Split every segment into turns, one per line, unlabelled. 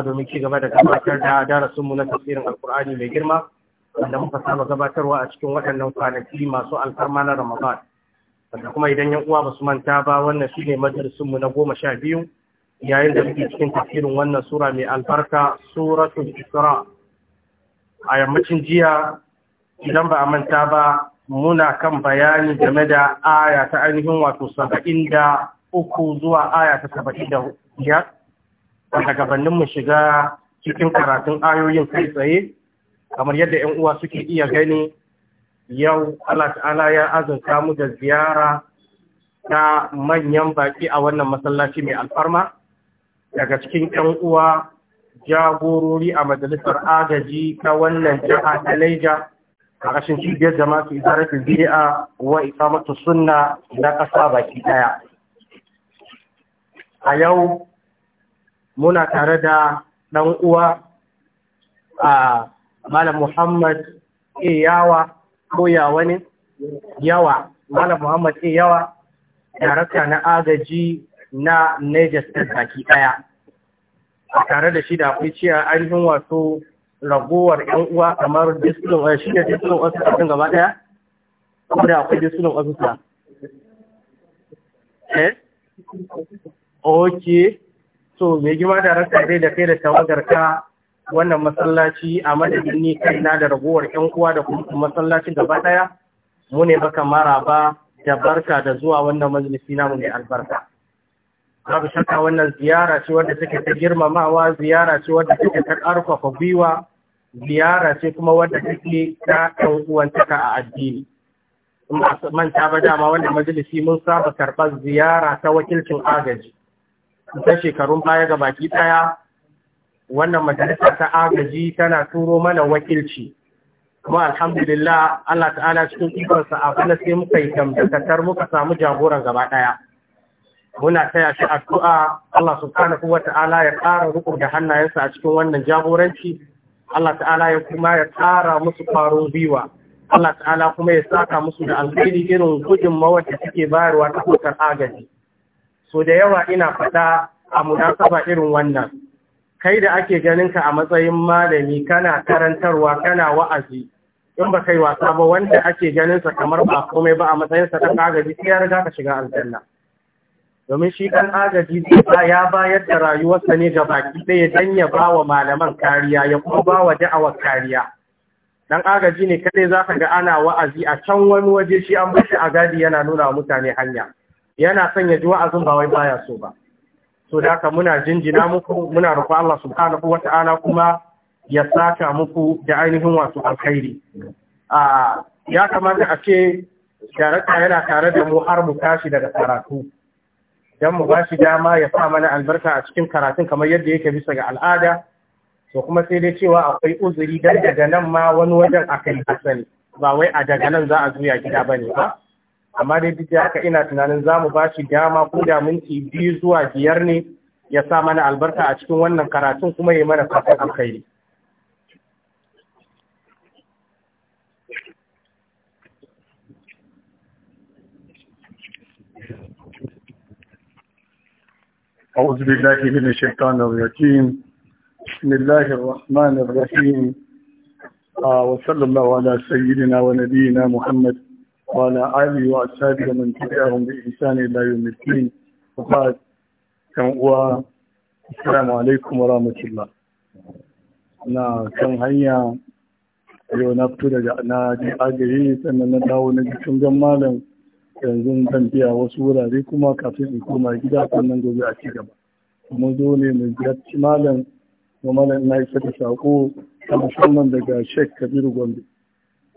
domin ci gaba da gabatar da darasinmu na tafsirin alkur'ani mai girma wanda muka saba gabatarwa a cikin waɗannan kwanaki masu alfarma na ramadan wanda kuma idan yan uwa ba manta ba wannan shi ne mu na goma sha biyu yayin da muke cikin tafsirin wannan sura mai albarka suratul isra a yammacin jiya idan ba a manta ba muna kan bayani game da aya ta ainihin wato saba'in da uku zuwa aya ta saba'in da biyar wanda gabanin mu shiga cikin karatun ayoyin kai tsaye kamar yadda 'yan uwa suke iya gani yau Allah ta'ala ya azurta mu da ziyara ta manyan baki a wannan masallaci mai alfarma daga cikin 'yan uwa jagorori a majalisar agaji ta wannan jiha ta Laija a ƙashin cibiyar jama'a su isarafin bid'a wa ikamatu sunna na ƙasa baki ɗaya. A yau muna tare da ɗan uwa a Malam Muhammad E yawa ko yawa ne? Yawa, Malam Muhammad E yawa, darakta na agaji na Niger State baki ɗaya. Tare da shi da akwai cewa ainihin wato ragowar ‘yan uwa kamar disiplin eh, shi ne disiplin wasu cikin gaba ɗaya? Ko da akwai disiplin wasu Eh? Okay. so mai gima da rasa dai da kai da tawagarka wannan masallaci a madadin ni kaina da ragowar yan uwa da kuma masallaci gaba daya mu ne baka ba da barka da zuwa wannan majalisi namu ne albarka babu shakka wannan ziyara ce wadda take ta girmamawa ziyara ce wadda take ta karfafa gwiwa ziyara ce kuma wadda take ta ɗan uwantaka a addini manta ba dama wannan majalisi mun saba karɓar ziyara ta wakilcin agaji ta shekarun baya ga baki ɗaya wannan majalisa ta agaji tana turo mana wakilci kuma alhamdulillah Allah ta'ala cikin sa a bana sai muka yi tambatar muka samu jagoran gaba ɗaya muna taya shi addu'a Allah subhanahu wa ta'ala ya ƙara rukun da hannayensa a cikin wannan jagoranci Allah ta'ala ya kuma ya ƙara musu ƙwarin gwiwa Allah ta'ala kuma ya saka musu da alkhairi irin gudunmawar da suke bayarwa ta hukar agaji so da yawa ina fada a munasaba irin wannan kai da ake ganin ka a matsayin malami kana karantarwa kana wa'azi in ba kai wasa ba wanda ake ganin sa kamar ba komai ba a matsayin sa dan agaji sai ya riga ka shiga aljanna domin shi kan agaji zai ya bayar da rayuwarsa ne ga baki ɗaya dan ya ba wa malaman kariya ya kuma ba wa da'awar kariya dan agaji ne kadai zaka ga ana wa'azi a can wani waje shi an bashi a yana nuna wa mutane hanya yana son ya ji wa'azin ba wai baya so ba so da haka muna jinjina muku muna roƙon Allah subhanahu wata'ala kuma ya saka muku da ainihin wasu alkhairi a ya kamata a ce darakta yana tare da mu har mu tashi daga karatu don mu bashi dama ya sa mana albarka a cikin karatun kamar yadda yake bisa ga al'ada to kuma sai dai cewa akwai uzuri dan daga nan ma wani wajen akai hasani ba wai a daga nan za a zuya gida bane ba amma dai duk haka ina tunanin za mu ba shi dama ko da minti biyu zuwa biyar ne ya sa mana albarka a cikin wannan karatun kuma ya mana fatan alkhairi
أعوذ بالله من الشيطان الرجيم بسم الله الرحمن الرحيم وصلى الله على سيدنا ونبينا محمد وعلى آله وأصحابه ومن تبعهم بإحسان إلى يوم الدين وبعد كان هو السلام عليكم ورحمة الله na kan hanya yau na fito daga na ji agiri sannan na dawo na jikin gan malam yanzu zan biya wasu wurare kuma kafin in koma gida sannan gobe a ci gaba. mun zo ne mu ziyarci malam kuma malam na isa da sako ta musamman daga shek kabiru gombe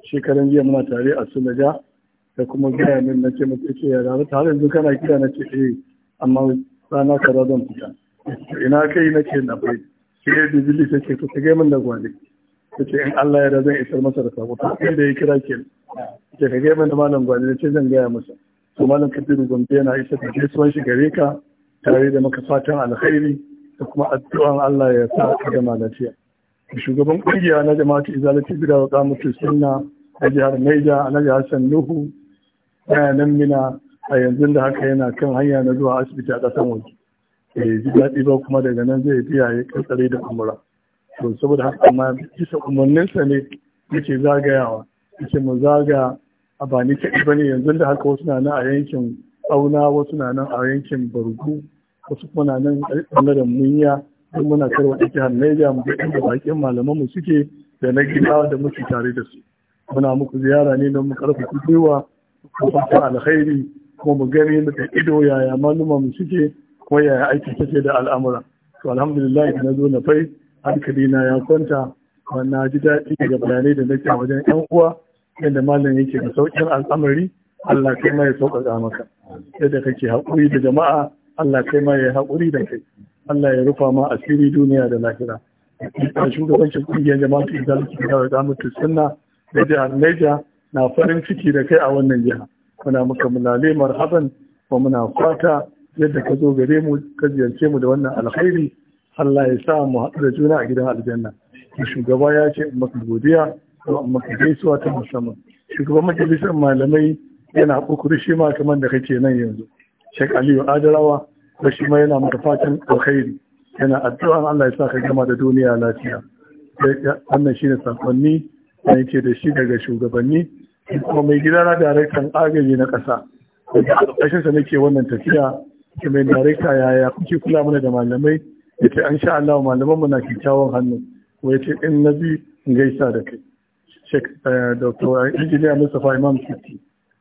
shekaran jiya muna tare a sulaja da kuma gaya min na ce mutu ce ya rabu tare yanzu kana kira na ce eh amma rana kaza zan fita ina kai na ce na bai sai ya bibili ta ce to ta gaya min da gwale ta ce in Allah ya zan isar masa da sako ta Da ya kira ke ce ka gaya min da malam gwale na ce zan gaya masa to malam kabiru gombe yana isa da gaisuwan shi gare ka tare da maka fatan alkhairi da kuma addu'an Allah ya sa ka gama lafiya shugaban kungiya na jama'atu izalati bida wa qamutu sunna a jihar Niger a Hassan Nuhu yana nan mina a yanzu da haka yana kan hanya na zuwa asibiti a ƙasan waje eh ji daɗi ba kuma daga nan zai biya ya kankare da umura to saboda haka amma bisa umarninsa ne yake zagayawa yake mu zaga a ba ni kaɗi ba ne yanzu da haka wasu na nan a yankin auna wasu na nan a yankin bargu wasu kuma na nan ɓangaren munya duk muna karwa da jihar naija mu ga inda baƙin malaman mu suke da na gida da muke tare da su muna muku ziyara ne don mu ƙarfafa gwiwa ko fata alkhairi ko mu gani da ido yaya manuma mu suke ko yaya aiki take da al'amura to alhamdulillah na zo na fai hankali na ya kwanta na ji daɗi daga bayanai da nake wajen yan uwa yadda malam yake da sauƙin al'amari Allah kai ma ya sauƙaƙa maka yadda kake haƙuri da jama'a Allah kai ma ya haƙuri da kai Allah ya rufa ma asiri duniya da lahira a shugabancin ƙungiyar jama'a ta izalci da ya zama sunna da jihar Niger na farin ciki da kai a wannan jiha muna muka mulale marhaban wa muna fata yadda ka zo gare mu ka ziyarce mu da wannan alkhairi Allah ya sa mu haɗu da juna a gidan aljanna shugaba ya ce maka godiya ko maka gaisuwa ta musamman shugaban majalisar malamai yana kokuri shi ma kamar da kake nan yanzu Sheikh Aliyu Adarawa ba shi ma yana maka fatan alkhairi yana addu'an Allah ya sa ka gama da duniya lafiya wannan shine sakonni da yake da shi daga shugabanni kuma mai gida na daraktan agaji na ƙasa da sa nake wannan tafiya ke mai darakta yaya kuke kula mana da malamai ya ce an sha Allah malaman mu na kyakkyawan hannu ko ya ce in na bi in gaisa da kai shek eh, dr injiniya mustapha imam Kiti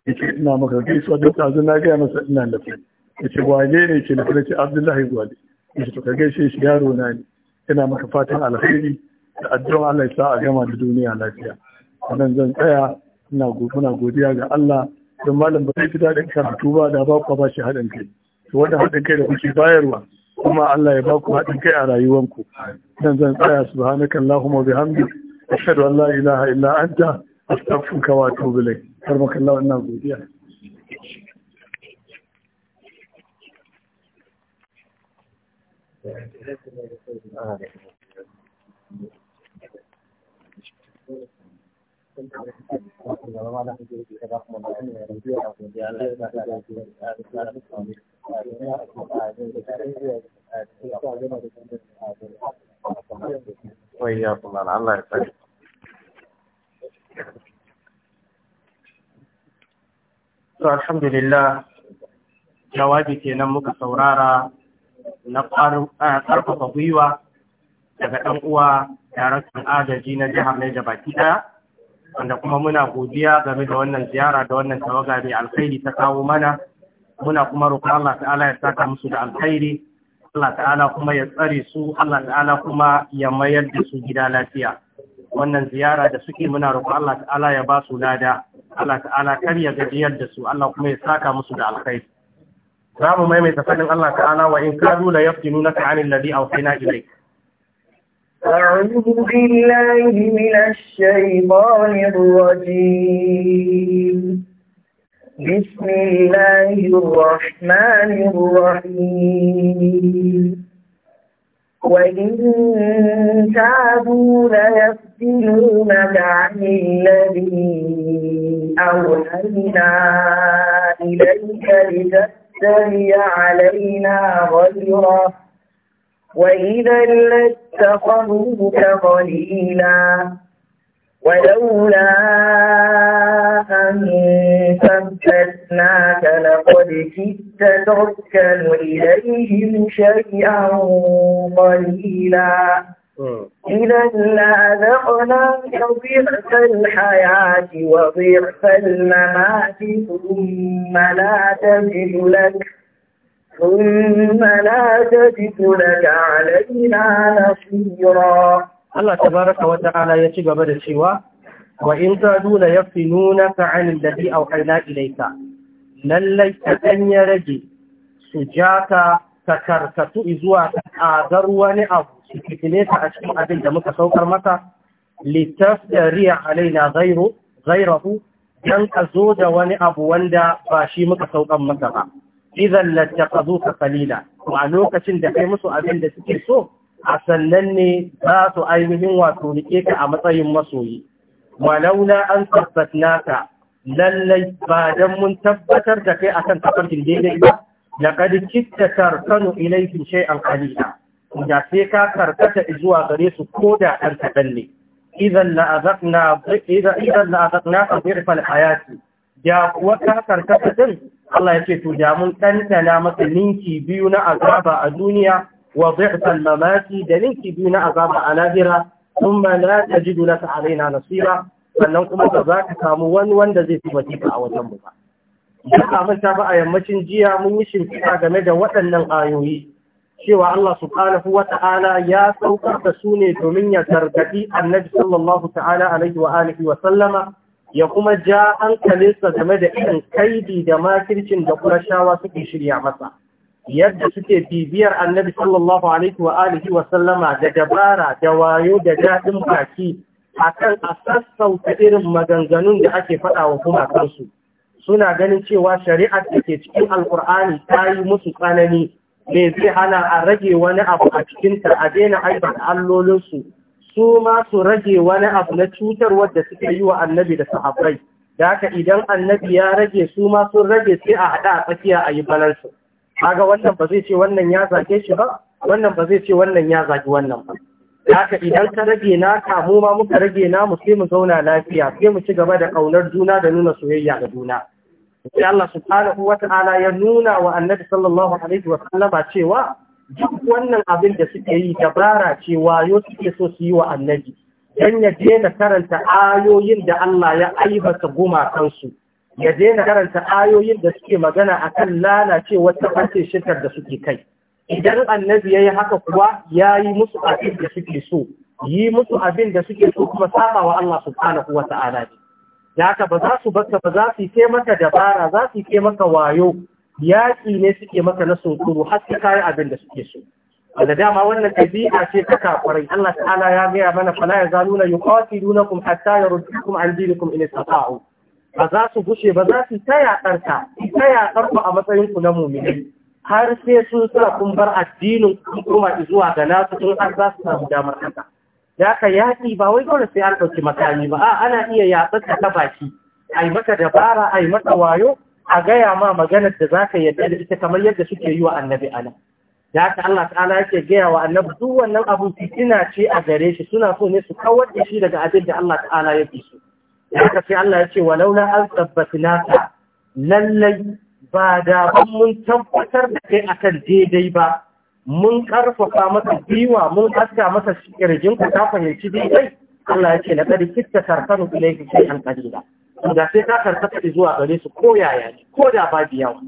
ya ce ina maka gaisuwa duk a na gaya masa ina da kai ya ce wane ne ke na ce abdullahi gwale ya ce to ka gaishe shi yaro na ne ina maka fatan alheri da addu'a Allah ya sa a gama da duniya lafiya wannan zan tsaya muna godiya ga Allah don malam ba zai fita da karatu ba da ba ku ba shi haɗin kai to wanda haɗin kai da kuke bayarwa kuma Allah ya ba ku haɗin kai a rayuwanku dan zan tsaya subhanaka allahumma bihamdi ashhadu an la ilaha illa anta astaghfiruka wa atubu ilayk allah ina godiya Thank you. وإياكم
الله يسعدك alhamdulillah jawabi kenan muka saurara na ƙarfafa gwiwa daga ɗan uwa daraktan agaji na jihar Niger baki ɗaya wanda kuma muna godiya game da wannan ziyara da wannan tawaga mai alkhairi ta kawo mana muna kuma roƙon Allah ta'ala ya saka musu da alkhairi Allah ta'ala kuma ya tsare su Allah ta'ala kuma ya mayar da su gida lafiya wannan ziyara da suke muna roƙon Allah ta'ala ya ba su lada Allah ta'ala kar ya gajiyar da su Allah kuma ya saka musu da alkhairi za mu maimaita faɗin Allah ta'ala wa in kadu la yaftinunaka 'anil ladhi awhayna ilayka
أعوذ بالله من الشيطان الرجيم بسم الله الرحمن الرحيم وإن تابوا ليفتنونك عن الذي أوحينا إليك لتفتري علينا غيره وإذا لاتخذوك قليلا ولولا أن ثبتناك لقد كدت تركن إليهم شيئا قليلا إذا لأذقناك ضعف الحياة وضعف الممات ثم لا تجد لك
Allah ta baraka wata ala ya ci gaba da cewa, Wa in ta dole ya nuna ta hannun da bi auka na ilaika, lallai ta ya rage su ja ka takarkatu zuwa a zar wani abu su fitile ta a cikin abin da muka saukar maka. littas da riya alaina zairahu don ka zo da wani abu wanda ba shi muka saukar mata ba. idan lattaqazuka qalila a lokacin da kai musu abin da suke so a sannan ne za su ainihin wato rike ka a matsayin masoyi walaula an tabbatnaka lallai ba dan mun tabbatar da kai akan tafarkin daidai ba laqad kitta tarkanu ilayhim shay'an qalila da sai ka karkata zuwa gare su ko da ɗan kaɗan ne idan la'azakna idan la'azakna a birfal hayati ya kuwa ka karkata din Allah ya ce to da mun ɗantana masa ninki biyu na azaba a duniya wa bi'sal mamaki da ninki biyu na azaba a lahira thumma la tajidu laka alaina nasira sannan kuma ba za ka wani wanda zai fi ka a wajen mu ba idan abin ta ba a yammacin jiya mun yi shimfiɗa game da waɗannan ayoyi cewa Allah subhanahu wa ta'ala ya saukar da su ne domin ya gargaɗi annabi sallallahu ta'ala alaihi wa alihi wa sallama ya kuma ja hankalinsa game da irin kaidi da makircin da kurashawa suke shirya masa yadda suke bibiyar annabi sallallahu alaihi wa alihi wa sallama da dabara da wayo da daɗin baki akan a sassauta irin maganganun da ake faɗa wa kuma kansu suna ganin cewa shari'ar da ke cikin alkur'ani ta yi musu tsanani Me zai hana a rage wani abu a cikinta a daina aibata allolinsu su ma su rage wani abu na cutar wadda suka yi wa annabi da sahabbai da haka idan annabi ya rage su ma sun rage sai a haɗa a tsakiya a yi balansu kaga wannan ba zai ce wannan ya zage shi ba wannan ba zai ce wannan ya zage wannan ba da haka idan ka rage na kamu ma muka rage na mu sai mu zauna lafiya sai mu ci gaba da ƙaunar juna da nuna soyayya ga juna sai Allah subhanahu Ta'ala ya nuna wa annabi sallallahu alaihi wa sallama cewa duk wannan abin da suke yi dabara ce wayo suke so su yi wa annabi Don ya daina karanta ayoyin da Allah ya aibata gumakansu ya daina karanta ayoyin da suke magana akan lalace wata fashe shirkar da suke kai idan annabi ya yi haka kuwa ya yi musu abin da suke so yi musu abin da suke so kuma saba wa Allah subhanahu wa ta'ala ne da haka ba za su baka ba za su yi maka dabara za su yi maka wayo yaƙi ne suke maka na sunkuru, har su kayi abin da suke so wanda dama wannan ɗabi'a ce ta kakwarai Allah ta'ala ya gaya mana fala ya zalu na yuqatilunakum hatta yaruddukum an dinikum in istata'u ba za su gushe ba za su ta yaɗar ta a matsayin ku na mu'mini har sai sun sa kun bar addinin ku kuma zuwa ga nasu tun har za su samu damar haka ya ka yaƙi ba wai dole sai an ɗauki makami ba a ana iya yaɗar ta baki ai mata dabara ai mata wayo a gaya ma maganar da za ka yadda da ita kamar yadda suke yi wa annabi ana ya ka Allah ta'ala yake gaya wa annabi duk wannan abun fitina ce a gare shi suna so ne su kawar da shi daga abin da Allah ta'ala ya fi su ya ka sai Allah ya ce walau la an tabbatinaka lallai ba da mun tabbatar da kai akan daidai ba mun karfafa masa biwa mun aska masa kirjin ku ta fahimci daidai Allah ya ce na kadi kitta tarkanu ilayka shay'an qalila da sai ka karkata zuwa gare su ko yaya ne ko da ba biyawa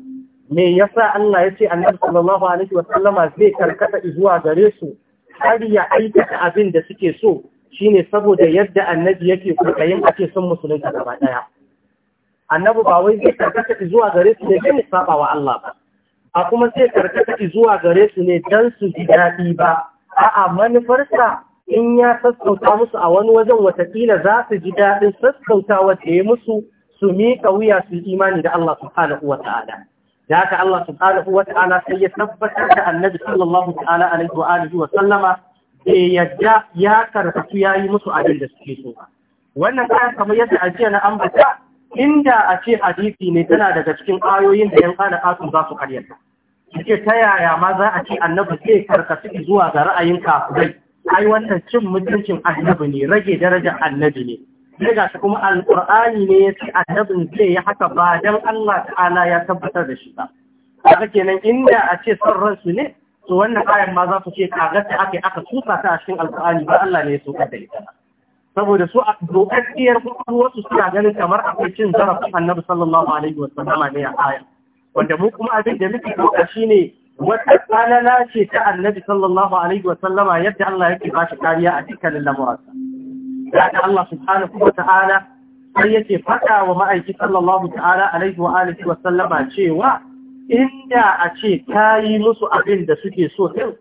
me yasa Allah ya ce annabi sallallahu alaihi wa sallama zai karkata zuwa gare su har ya aikata abin da suke so shine saboda yadda annabi yake kokarin ake son musulunci gaba daya annabi ba wai zai karkata zuwa gare su ne don saba wa Allah ba a kuma zai karkata zuwa gare su ne dan su ji daɗi ba a'a manufarsa in ya sassauta musu a wani wajen watakila za su ji daɗin sassautawa da ya musu su miƙa wuya su imani da Allah subhanahu wa ta'ala da haka Allah subhanahu wa ta'ala sai ya tabbatar da annabi sallallahu ta'ala alaihi wa alihi wa sallama bai yadda ya karfatu ya yi musu abin da suke so wannan kayan kamar yadda a jiya na ambata inda a ce hadisi ne tana daga cikin ayoyin da yan kana kasu za su karyata ta yaya ma za a ce annabi zai karkatu zuwa ga ra'ayin kafirai ai wannan cin mutuncin annabi ne rage darajar annabi ne sai ga shi kuma alqur'ani ne ya ce annabin zai ya haka ba dan Allah ta'ala ya tabbatar da shi ba kaga kenan inda a ce son ransu ne to wannan ayan ma za su ce kaga ta aka aka tsufa ta a cikin alqur'ani ba Allah ne ya so da ita saboda su a dokakkiyar wasu suna ganin kamar akwai cin zarafin annabi sallallahu alaihi wa sallama ne a ayan wanda mu kuma abin da muke doka shine wata tsanana ce ta annabi sallallahu alaihi wasallama yadda Allah yake ba shi kariya a dukkanin lamuransa da Allah subhanahu wa ta'ala sai yake faɗa wa ma'aiki sallallahu ta'ala alaihi wa alihi sallama cewa inda a ce yi musu abin da suke so din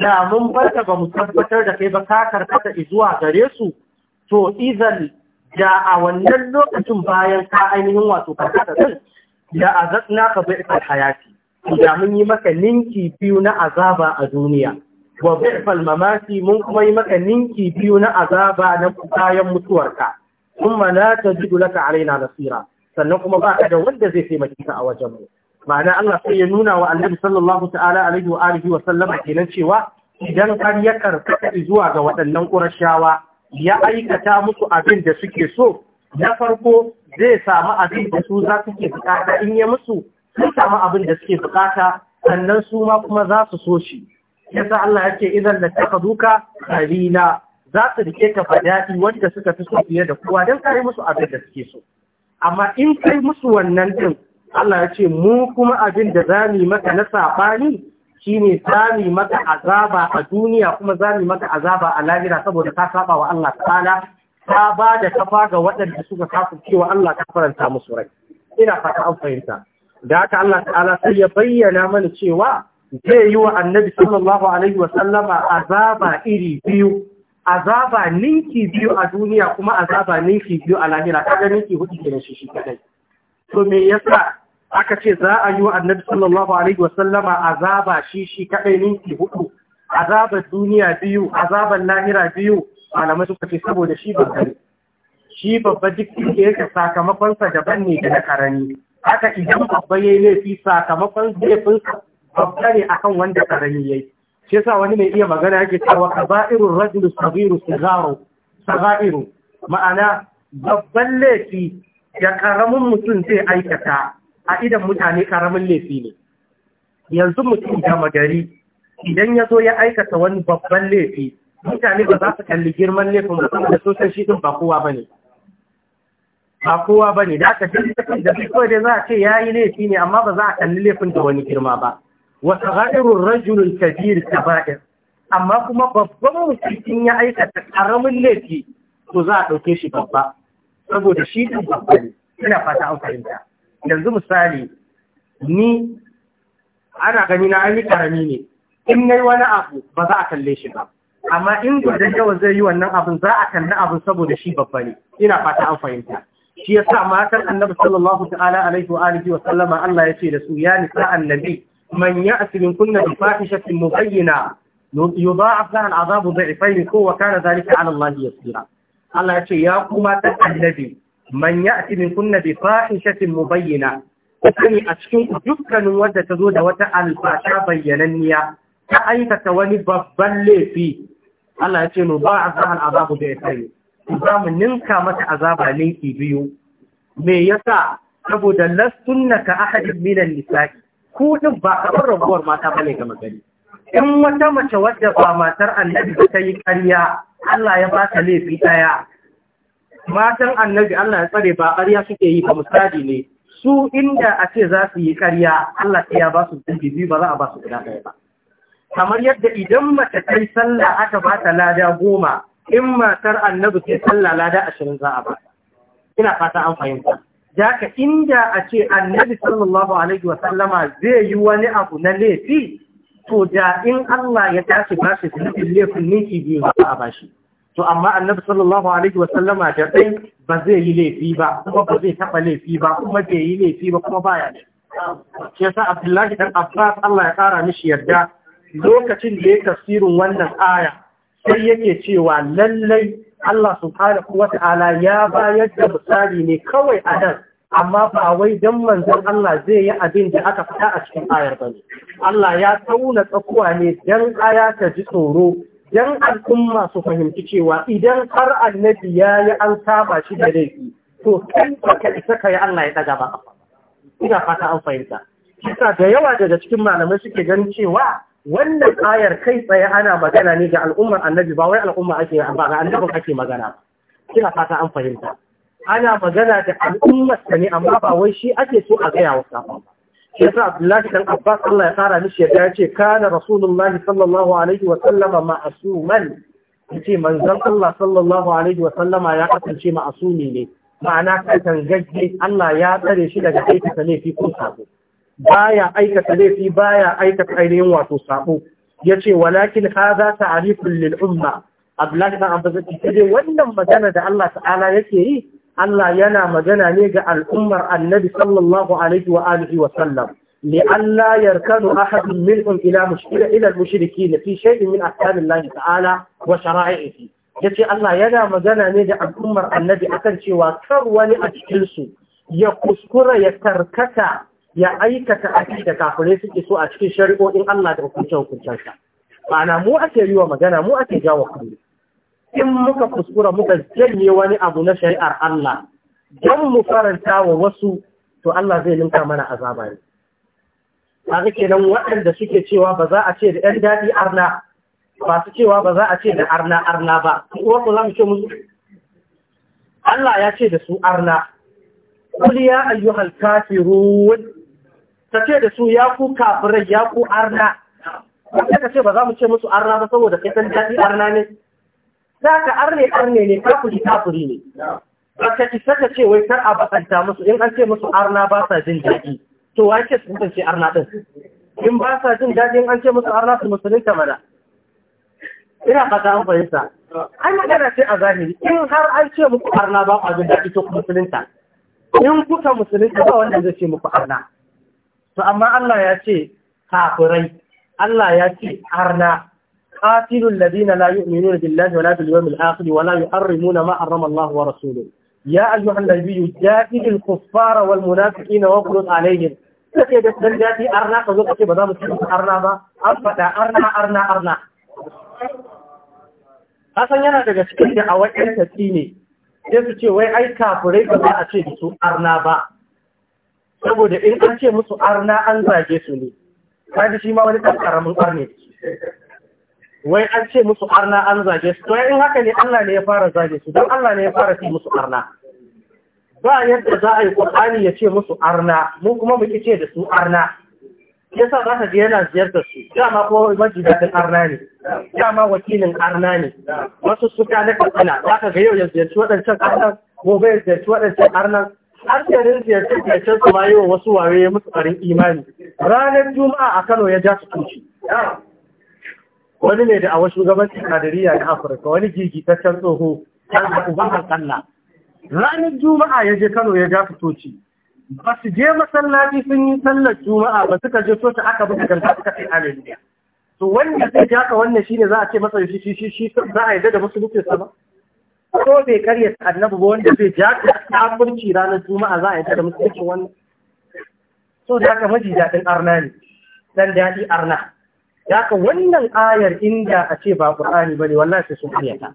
da mun barka ba mu tabbatar da kai ba ka karkata zuwa gare su to izal da a wannan lokacin bayan ka ainihin wato karkata din da azatna ka bai hayati da mun yi maka ninki biyu na azaba a duniya wa bi'fal mamati mun kuma yi maka ninki biyu na azaba na kayan mutuwarka kuma ta jidu laka alaina nasira sannan kuma ba ka da wanda zai taimake ka a wajen mu ma'ana Allah sai ya nuna wa Annabi sallallahu ta'ala alaihi wa alihi wa sallama kenan cewa idan har ya karkata zuwa ga waɗannan ƙurashawa ya aikata musu abin da suke so na farko zai samu abin da su za su ke bukata in ya musu sun samu abin da suke bukata sannan su ma kuma za su so shi yasa Allah ya ce idan da taka duka kalila za su rike ka fadadi wanda suka fi so fiye da kowa don kai musu abin da suke so amma in kai musu wannan din Allah ya ce mu kuma abin da za mu maka na sabani shine za mu maka azaba a duniya kuma za mu maka azaba a lahira saboda ka saba wa Allah ta'ala ta ba da kafa ga waɗanda suka kafa cewa Allah ta faranta musu rai ina fata an fahimta da haka Allah ta'ala sai ya bayyana mana cewa zai yi wa annabi sallallahu alaihi wa sallama azaba iri biyu azaba ninki biyu a duniya kuma azaba ninki biyu a lahira kaga ninki hudu ke shi shi kadai to me yasa aka ce za a yi wa annabi sallallahu alaihi wa sallama azaba shi shi kadai ninki hudu azabar duniya biyu azabar lahira biyu malamai suka ce saboda shi ba babba shi babba duk yake sakamakonsa daban ne da na karami haka idan babba ya yi laifi sakamakon laifin babba ne akan wanda karami ya yi shi yasa wani mai iya magana yake cewa kaba'irun rajulu sagiru sigaru sagairu ma'ana babban laifi da karamin mutum zai aikata a idan mutane karamin laifi ne yanzu mutum gama gari idan ya zo ya aikata wani babban laifi mutane ba za su kalli girman laifin mutum da sosai shi din ba kowa ba ne ba kowa ba ne da aka ce da kawai dai za a ce ya yi laifi ne amma ba za a kalli laifin da wani girma ba wata ra'irun rajulun kabir kaba'ir amma kuma babban mutum ya aikata karamin laifi to za a ɗauke shi babba saboda shi ɗin babba ne ina fata an fahimta yanzu misali ni ana gani na an yi karami ne in na yi wani abu ba za a kalle shi ba amma in gudun yawan zai yi wannan abin za a kalli abin saboda shi babba ne ina fata an fahimta shi yasa matan annabi sallallahu ta'ala alaihi wa alihi wa sallama Allah yace da su ya nisa annabi man ya'ti min kunna bi fahishatin mubayyina yudha'af laha al'adabu dhi'fayn ko wa kana dhalika 'ala Allah yasira Allah ya ce ya kuma ta annabi man ya'ti min kunna bi fahishatin mubayyina kani a cikin dukkanin wanda ta zo da wata alfasha bayyananniya ta aikata wani babban laifi Allah ya ce mu ba a zahar azabu za mu ninka mata azaba ninki biyu me yasa saboda lastunna ka ahadin minan nisa'i ku din ba kamar rabuwar mata bane ga magani in wata mace wadda ba matar annabi ta yi ƙarya Allah ya ba ta laifi ɗaya matan annabi Allah ya tsare ba ƙarya suke yi ba misali ne su inda a ce za su yi ƙarya Allah ya ba su biyu ba za a ba su guda ɗaya ba kamar yadda idan mace ta yi sallah aka ba ta lada goma in matar annabi ke sallah lada ashirin za a bata ina fata an fahimta ka! inda a ce annabi sallallahu alaihi wa sallama zai yi wani abu na laifi to da in Allah ya tashi shi zunubin laifin ki biyu ba a bashi to amma annabi sallallahu alaihi wa sallama da dai ba zai yi laifi ba kuma ba zai taba laifi ba kuma bai yi laifi ba kuma baya ne shi yasa Abdullahi dan Abbas Allah ya kara mishi yarda lokacin da ya tafsirin wannan aya sai yake cewa lallai Allah subhanahu wa ta'ala ya bayar da misali ne kawai a nan amma ba wai don manzon Allah zai yi abin da aka fita a cikin ayar ba ne. Allah ya tauna tsakuwa ne don aya ta ji tsoro don al'umma su fahimci cewa idan har annabi ya yi an saba shi da laifi to kai ba ka isa ka Allah ya daga ba ina fata an fahimta kisa da yawa daga cikin malamai suke ganin cewa wannan ayar kai tsaye ana magana ne ga al'ummar annabi ba wai al'umma ake ba ga annabin ake magana kina fata an fahimta ana magana da al'ummar ne amma ba wai shi ake so a gaya wa safa shi yasa Abdullahi dan Abbas Allah ya tsara mishi ya ce kana Rasulullahi sallallahu alaihi wa sallama ma'asuman yace manzon Allah sallallahu alaihi wa sallama ya kasance ma'asumi ne ma'ana kan gaggai Allah ya tsare shi daga aikata laifi ko sabo baya aikata laifi baya aikata ainihin wato sabo yace walakin hadha ta'rifun lil umma Abdullahi ibn Abbas yace wannan magana da Allah ta'ala yake yi Allah yana magana ne ga al'ummar Annabi sallallahu alaihi wa alihi wa sallam لئلا يركن أحد منهم إلى مشكلة إلى المشركين في شيء من أحكام الله تعالى وشرائعه yace Allah yana magana ne da al'ummar annabi akan cewa kar wani a su. ya kuskura ya karkata ya aikata abin da kafirai suke so a cikin shari'o'in Allah da hukuncin hukuncensa ma'ana mu ake yi wa magana mu ake jawo kullu in muka kuskura muka janye wani abu na shari'ar Allah don mu faranta wa wasu to Allah zai linka mana azaba ne kaga kenan waɗanda suke cewa ba za a ce da 'yan daɗi arna ba su cewa ba za a ce da arna arna ba wato za mu ce musu Allah ya ce da su arna Kuliya ayyuhal kafirun ta ce da su ya ku kafirai ya ku arna wanda ka ce ba za mu ce musu arna ba saboda kai san daɗi arna ne za ka arne arne ne kafiri kafiri ne ba ka ci saka ce wai kar a bakanta musu in an ce musu arna ba sa jin daɗi to wa ce su ce arna ɗin in ba sa jin daɗi in an ce musu arna su musulunta mana ina fata an fahimta an magana ce a zahiri in har an ce muku arna ba a jin daɗi to ku musulunta in kuka musulunta ba wanda zai ce muku arna to amma Allah ya ce kafirai Allah ya ce arna qatilul ladina la yu'minuna billahi wala bil yawmil akhir wala yuharrimuna ma harrama Allah wa rasulun ya ayyuhan nabiyyu jahidil kuffara wal munafiqina waqul alaihim kace da dan jati arna ka zo kake ba za mu ci arna ba an fada arna arna arna Hassan yana daga cikin da a wajen tafi ne sai su ce wai ai kafirai ba za a ce da su arna ba saboda in an ce musu arna an zage su ne kaji shi ma wani ɗan ƙaramin ƙarni wai an ce musu arna an zage su to in haka ne Allah ne ya fara zage su don Allah ne ya fara ce musu arna ba yadda za a yi ƙur'ani ya ce musu arna mu kuma mu ce da su arna yasa za ka ji yana ziyartar su dama ko majidatin arna ne dama wakilin arna ne wasu suka na katsina za ka ga yau ya ziyarci waɗancan arnan gobe ya ziyarci waɗancan arnan har tarin ce ziyarcen ce ma yi wa wasu waye musu farin imani ranar juma'a a kano ya ja su tuci wani ne da a shugabancin kadiriya na afirka wani gigitaccen tsoho kan uban Allah ranar juma'a ya je kano ya ja su tuci ba su je masallaci sun yi sallar juma'a ba suka je tota aka buga ganta suka ce haleluya to wanda zai ka wannan shine za a ce masa shi shi shi za a yarda da musulunci sama? ko bai karya annabi ba wanda bai ja kafirci ranar juma'a za a yi da mutuncin wannan so da haka maji daɗin arna ne dan daɗi arna da haka wannan ayar inda a ce ba ƙur'ani ba ne wallahi sai sun karyata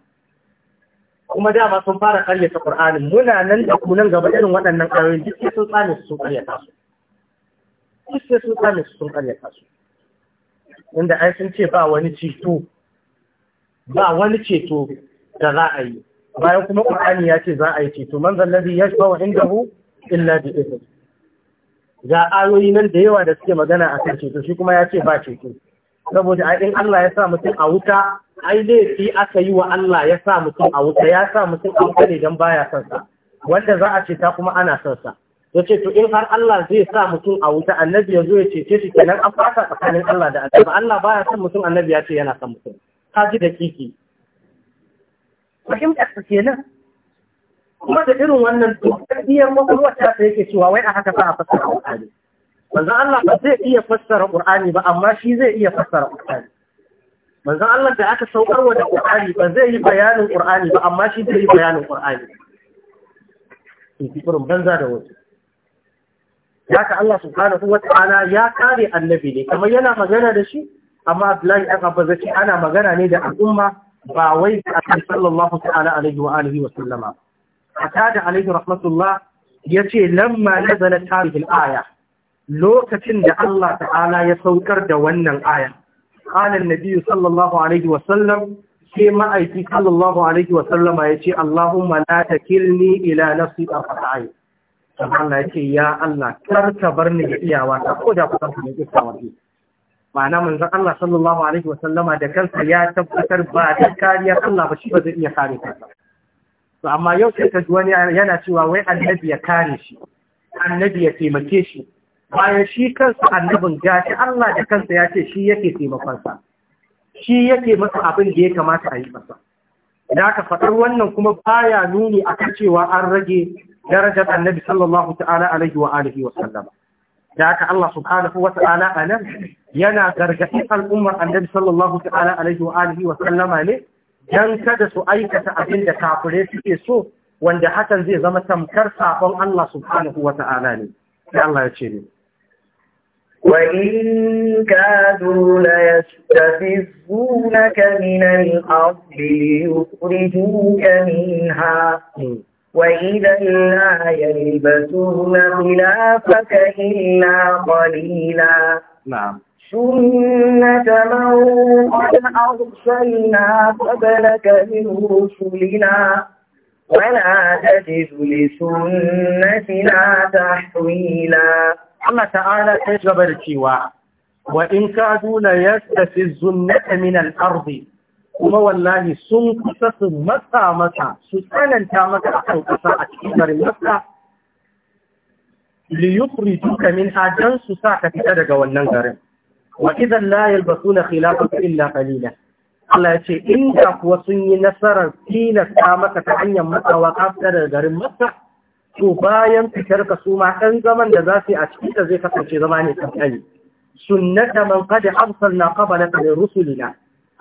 kuma dama sun fara karyata ƙur'ani muna nan da ku nan gaba irin waɗannan ayoyin duk sai sun tsane su sun karyata su duk sai sun tsane su sun karyata su inda ai sun ce ba wani ceto ba wani ceto da za a yi bayan kuma ƙur'ani ya ce za a yi ceto man bawa inda hu illa bi izni ga ayoyi nan da yawa da suke magana a kan ceto shi kuma ya ce ba ceto saboda a in Allah ya sa mutum a wuta ai laifi aka yi wa Allah ya sa mutum a wuta ya sa mutum a wuta ne don baya son wanda za a ceta kuma ana son sa ce to in har Allah zai sa mutum a wuta annabi ya zo ya cece shi kenan an fasa tsakanin Allah da annabi Allah baya son mutum annabi ya ce yana son mutum ka ji da kiki fahimtar kenan kuma da irin wannan tarbiyyar makulwar ta yake cewa wai a haka sa a fassara Qur'ani manzon Allah ba zai iya fassara Qur'ani ba amma shi zai iya fassara Qur'ani manzon Allah da aka saukar wa da Qur'ani ba zai yi bayanin Qur'ani ba amma shi zai yi bayanin Qur'ani ikirin banza da wasu ya ka Allah subhanahu wata'ala ya kare annabi ne kamar yana magana da shi amma Abdullahi ɗan ce ana magana ne da al'umma ba wai a kan sallallahu ta'ala alaihi wa alihi wa sallama da alaihi rahmatullah yace lamma nazala tarihi al-aya lokacin da Allah ta'ala ya saukar da wannan aya qala an-nabi sallallahu alaihi wa sallam sai ma'aiki sallallahu alaihi wa sallama yace Allahumma la takilni ila nafsi tarfata'ayn Allah yace ya Allah kar ka bar ni da iyawa ko da kuka ne kisa wace ma'ana manzan Allah sallallahu alaihi wasallama da kansa ya tabbatar ba da kariyar Allah ba shi ba zai iya kare kansa to amma yau sai ta wani yana cewa wai annabi ya kare shi annabi ya taimake shi bayan shi kansa annabin shi, Allah da kansa ya ce shi yake taimakonsa shi yake masa abin da ya kamata a yi masa da aka faɗar wannan kuma baya nuni a ka cewa an rage darajar annabi sallallahu ta'ala alaihi wa alihi wa sallama da aka Allah subhanahu wa ta'ala a nan yana gargaɗi al'ummar annabi sallallahu ta'ala alaihi wa alihi wa sallama ne don kada su aikata abin da kafirai suke so wanda hakan zai zama tamkar sabon Allah subhanahu wa ta'ala ne sai Allah ya ce ne
وإن كادوا ليستفزونك من الأرض ليخرجوك منها وإذا لا يلبسون خلافك إلا قليلا نعم سنة من قد أرسلنا قبلك من
رسلنا ولا تجد لسنتنا تحويلا الله تعالى تجبر سواه وإن كادوا ليستفزنك من الأرض kuma wallahi sun kusa su matsa masa su tsananta masa akan kasa a cikin garin masa liyukuri duka min hajjan su sa ka fita daga wannan garin wa idan la yalbasu na khilafaka illa qalila Allah ya ce inda kuwa sun yi nasarar tilasta maka ta hanyar matsawa kafta daga garin masa to bayan fitar ka su ma ɗan zaman da za su yi a cikin da zai kasance zama ne kankani sunnata man qad na kabala min rusulina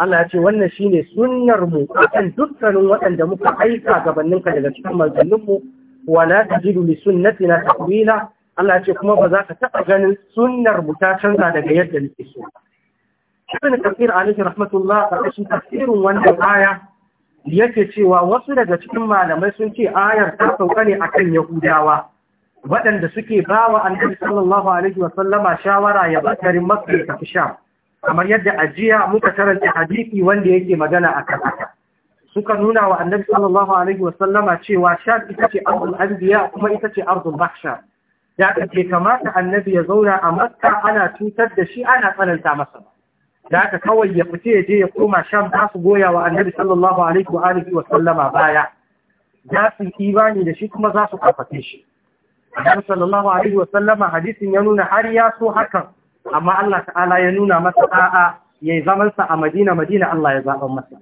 Allah ya ce wannan shine sunnar mu kan dukkanin waɗanda muka aika gabaninka daga cikin manzanninmu wa la tajidu li na tawila Allah ya ce kuma ba za ka taɓa ganin sunnar mu ta canza daga yadda muke so Ibn Kathir alaihi rahmatullah karkashin tafsirin wannan aya yake cewa wasu daga cikin malamai sun ce ayar ta sauka ne akan Yahudawa waɗanda suke ba wa annabi sallallahu alaihi wa sallama shawara ya bakarin Makka ta sha kamar yadda ajiya muka karanta hadisi wanda yake magana akan haka suka nuna wa annabi sallallahu alaihi wasallama cewa sham ita ce ardul anbiya kuma ita ce ardul mahsha ya kace kamata annabi ya zauna a makka ana cutar da shi ana tsananta masa da haka kawai ya fice ya je ya koma sham za su goya wa annabi sallallahu alaihi wa alihi baya za su imani da shi kuma za su karfafe shi annabi sallallahu alaihi hadisin ya nuna har ya so hakan amma Allah ta'ala ya nuna masa a'a yayi zamansa a Madina Madina Allah ya zaɓa masa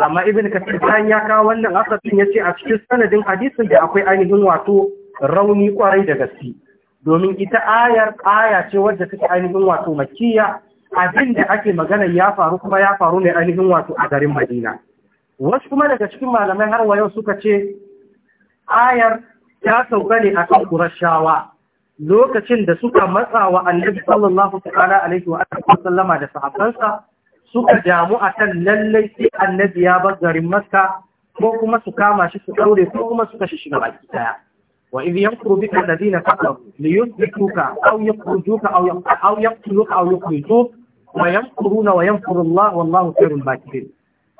amma ibn kasir bayan ya kawo wannan asasin ya ce a cikin sanadin hadisin da akwai ainihin wato rauni kwarai da gaske domin ita ayar aya ce wadda take ainihin wato makiya abin da ake magana ya faru kuma ya faru ne ainihin wato a garin madina wasu kuma daga cikin malamai har wa suka ce ayar ta sauka ne a kan kurashawa lokacin da suka matsa wa annabi sallallahu ta'ala alaihi wa sallama da sahabbansa suka damu akan lallai sai annabi ya bar garin Makka ko kuma su kama shi su daure ko kuma su kashe shi baki daya wa idh yankuru bika alladhina kafaru liyuthbituka aw yukhrijuka aw aw yaqtuluka aw yukhrijuk wa yankuruna wa yankuru Allah wallahu khairul makirin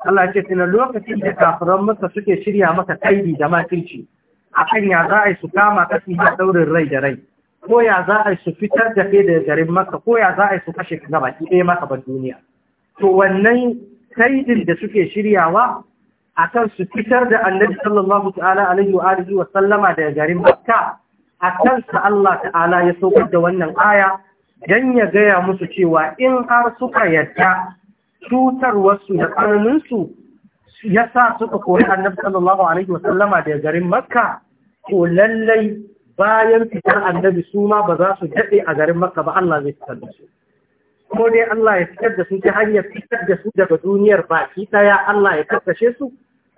Allah ya ce lokacin da kafiran Makka suke shirya maka kaidi da makirci akan ya za a yi su kama kasu da daurin rai da rai ko ya za a su fitar da kai daga garin maka ko ya za a su kashe ka baki ɗaya maka ban duniya to wannan kaidin da suke shiryawa akan su fitar da annabi sallallahu ta'ala alaihi wa alihi wa sallama daga garin makka akan sa Allah ta'ala ya saukar da wannan aya dan ya gaya musu cewa in har suka yadda cutarwarsu da ƙarninsu ya sa suka kori annabi sallallahu alaihi wa sallama daga garin makka to lallai bayan fitar annabi su ma ba za su daɗe a garin maka ba Allah zai fitar da su ko dai Allah ya fitar da su ta hanyar fitar da su daga duniyar baki ɗaya Allah ya karkashe su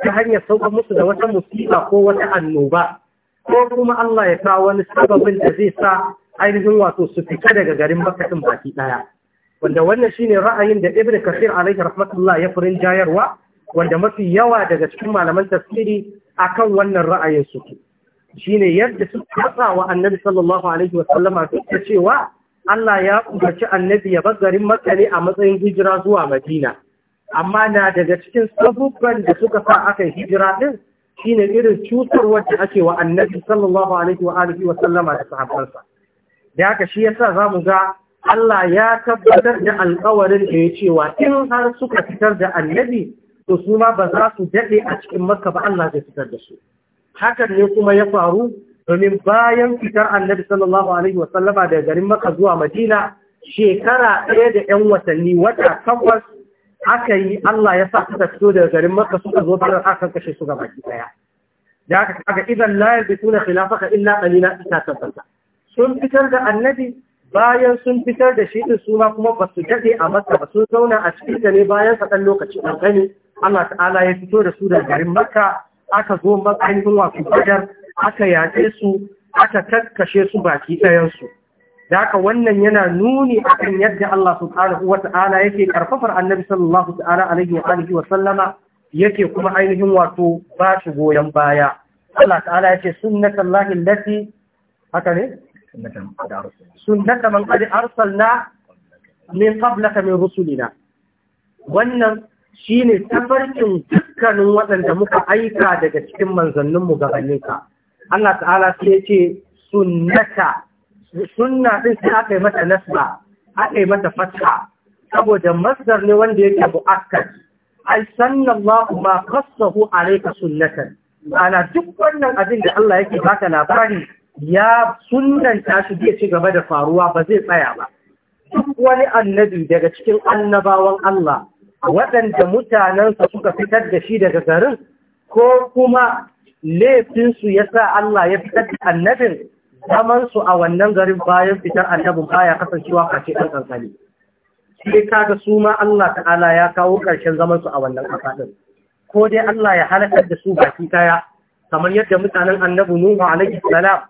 ta hanyar sauka musu da wata musiba ko wata annoba ko kuma Allah ya kawo wani sababin da zai sa ainihin wato su fita daga garin maka ɗin baki ɗaya wanda wannan shine ra'ayin da Ibn Kathir alaihi rahmatullah ya furin jayarwa wanda mafi yawa daga cikin malaman tafsiri akan wannan ra'ayin suke shine yadda suka katsa wa annabi sallallahu alaihi wa sallama cewa Allah ya umarci annabi ya bar garin Makka ne a matsayin hijira zuwa Madina amma na daga cikin sabubban da suka sa aka hijira din shine irin cutar wacce ake wa annabi sallallahu alaihi wa alihi wa da sahabbansa da haka shi yasa zamu ga Allah ya tabbatar da alƙawarin da ya cewa in har suka fitar da annabi to su ma ba za su daɗe a cikin Makka ba Allah zai fitar da su hakan ne kuma ya faru domin bayan fitar annabi sallallahu alaihi wasallama daga garin maka zuwa madina shekara ɗaya da ‘yan watanni wata takwas aka yi Allah ya sa suka fito daga garin maka suka zo bayan aka kashe su gaba ɗaya. Da aka kaga idan la suna khilafaka illa qalila ita tabbata. Sun fitar da annabi bayan sun fitar da shi din suma kuma ba su daɗe a Makka ba sun zauna a cikin ne bayan sa dan lokaci ɗan gani Allah ta'ala ya fito da su daga garin Makka aka zo ainihin su badar aka yaƙe su aka kakkashe su baki ɗayansu da aka wannan yana nuni akan yadda Allah ƙara wa ta'ala yake ƙarfafar annabi sallallahu ta'ala alaihi wa alihi wa sallama yake kuma ainihin wato ba shi goyon baya Allah ta'ala yake sunnatullahi allati haka ne sunnata man qad arsalna min qablaka min rusulina wannan shi ne tafarkin dukkanin waɗanda muka aika daga cikin manzanninmu gabaninka. Allah ta'ala sai ya ce sunnata, sunna ɗin sai aka yi mata nasba, aka yi mata fatka, saboda masdar ne wanda yake bu'akkar. Ai sannan ma a alaika sunnatan. Ana duk wannan abin da Allah yake baka labari ya sunanta shi zai ci gaba da faruwa ba zai tsaya ba. Duk wani annabi daga cikin annabawan Allah waɗanda mutanensa suka fitar da shi daga garin ko kuma laifinsu ya sa Allah ya fitar da annabin zamansu a wannan garin bayan fitar annabin baya kasancewa kashe ɗan ƙanƙani. Sai kaga su ma Allah ta'ala ya kawo ƙarshen zamansu a wannan ƙasa Ko dai Allah ya halakar da su baki ɗaya kamar yadda mutanen annabi Nuhu alaihi salam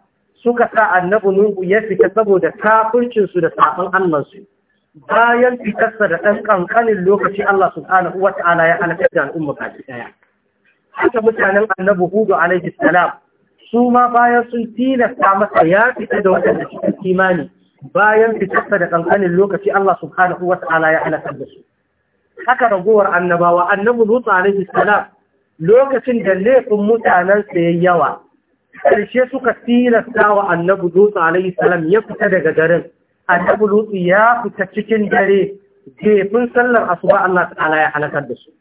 suka sa annabi Nuhu ya fita saboda kafircinsu da saɓon Allahnsu. bayan fitarsa da ɗan ƙanƙanin lokaci Allah subhanahu wa ta'ala ya halakar da al'umma baki ɗaya. Haka mutanen annabi Hudu alaihi salam su ma bayan sun tilasta masa ya fita da waɗanda cikin kimani, bayan fitarsa da ƙanƙanin lokaci Allah subhanahu wa ta'ala ya fitar da su. Haka ragowar annabawa annabi Lutu alaihi salam lokacin da laifin mutanensa ya yawa ƙarshe suka tilasta wa annabi Lutu alaihi salam ya fita daga garin. annabi lutsu ya fita cikin dare jefin sallar asuba Allah ta'ala ya halakar da su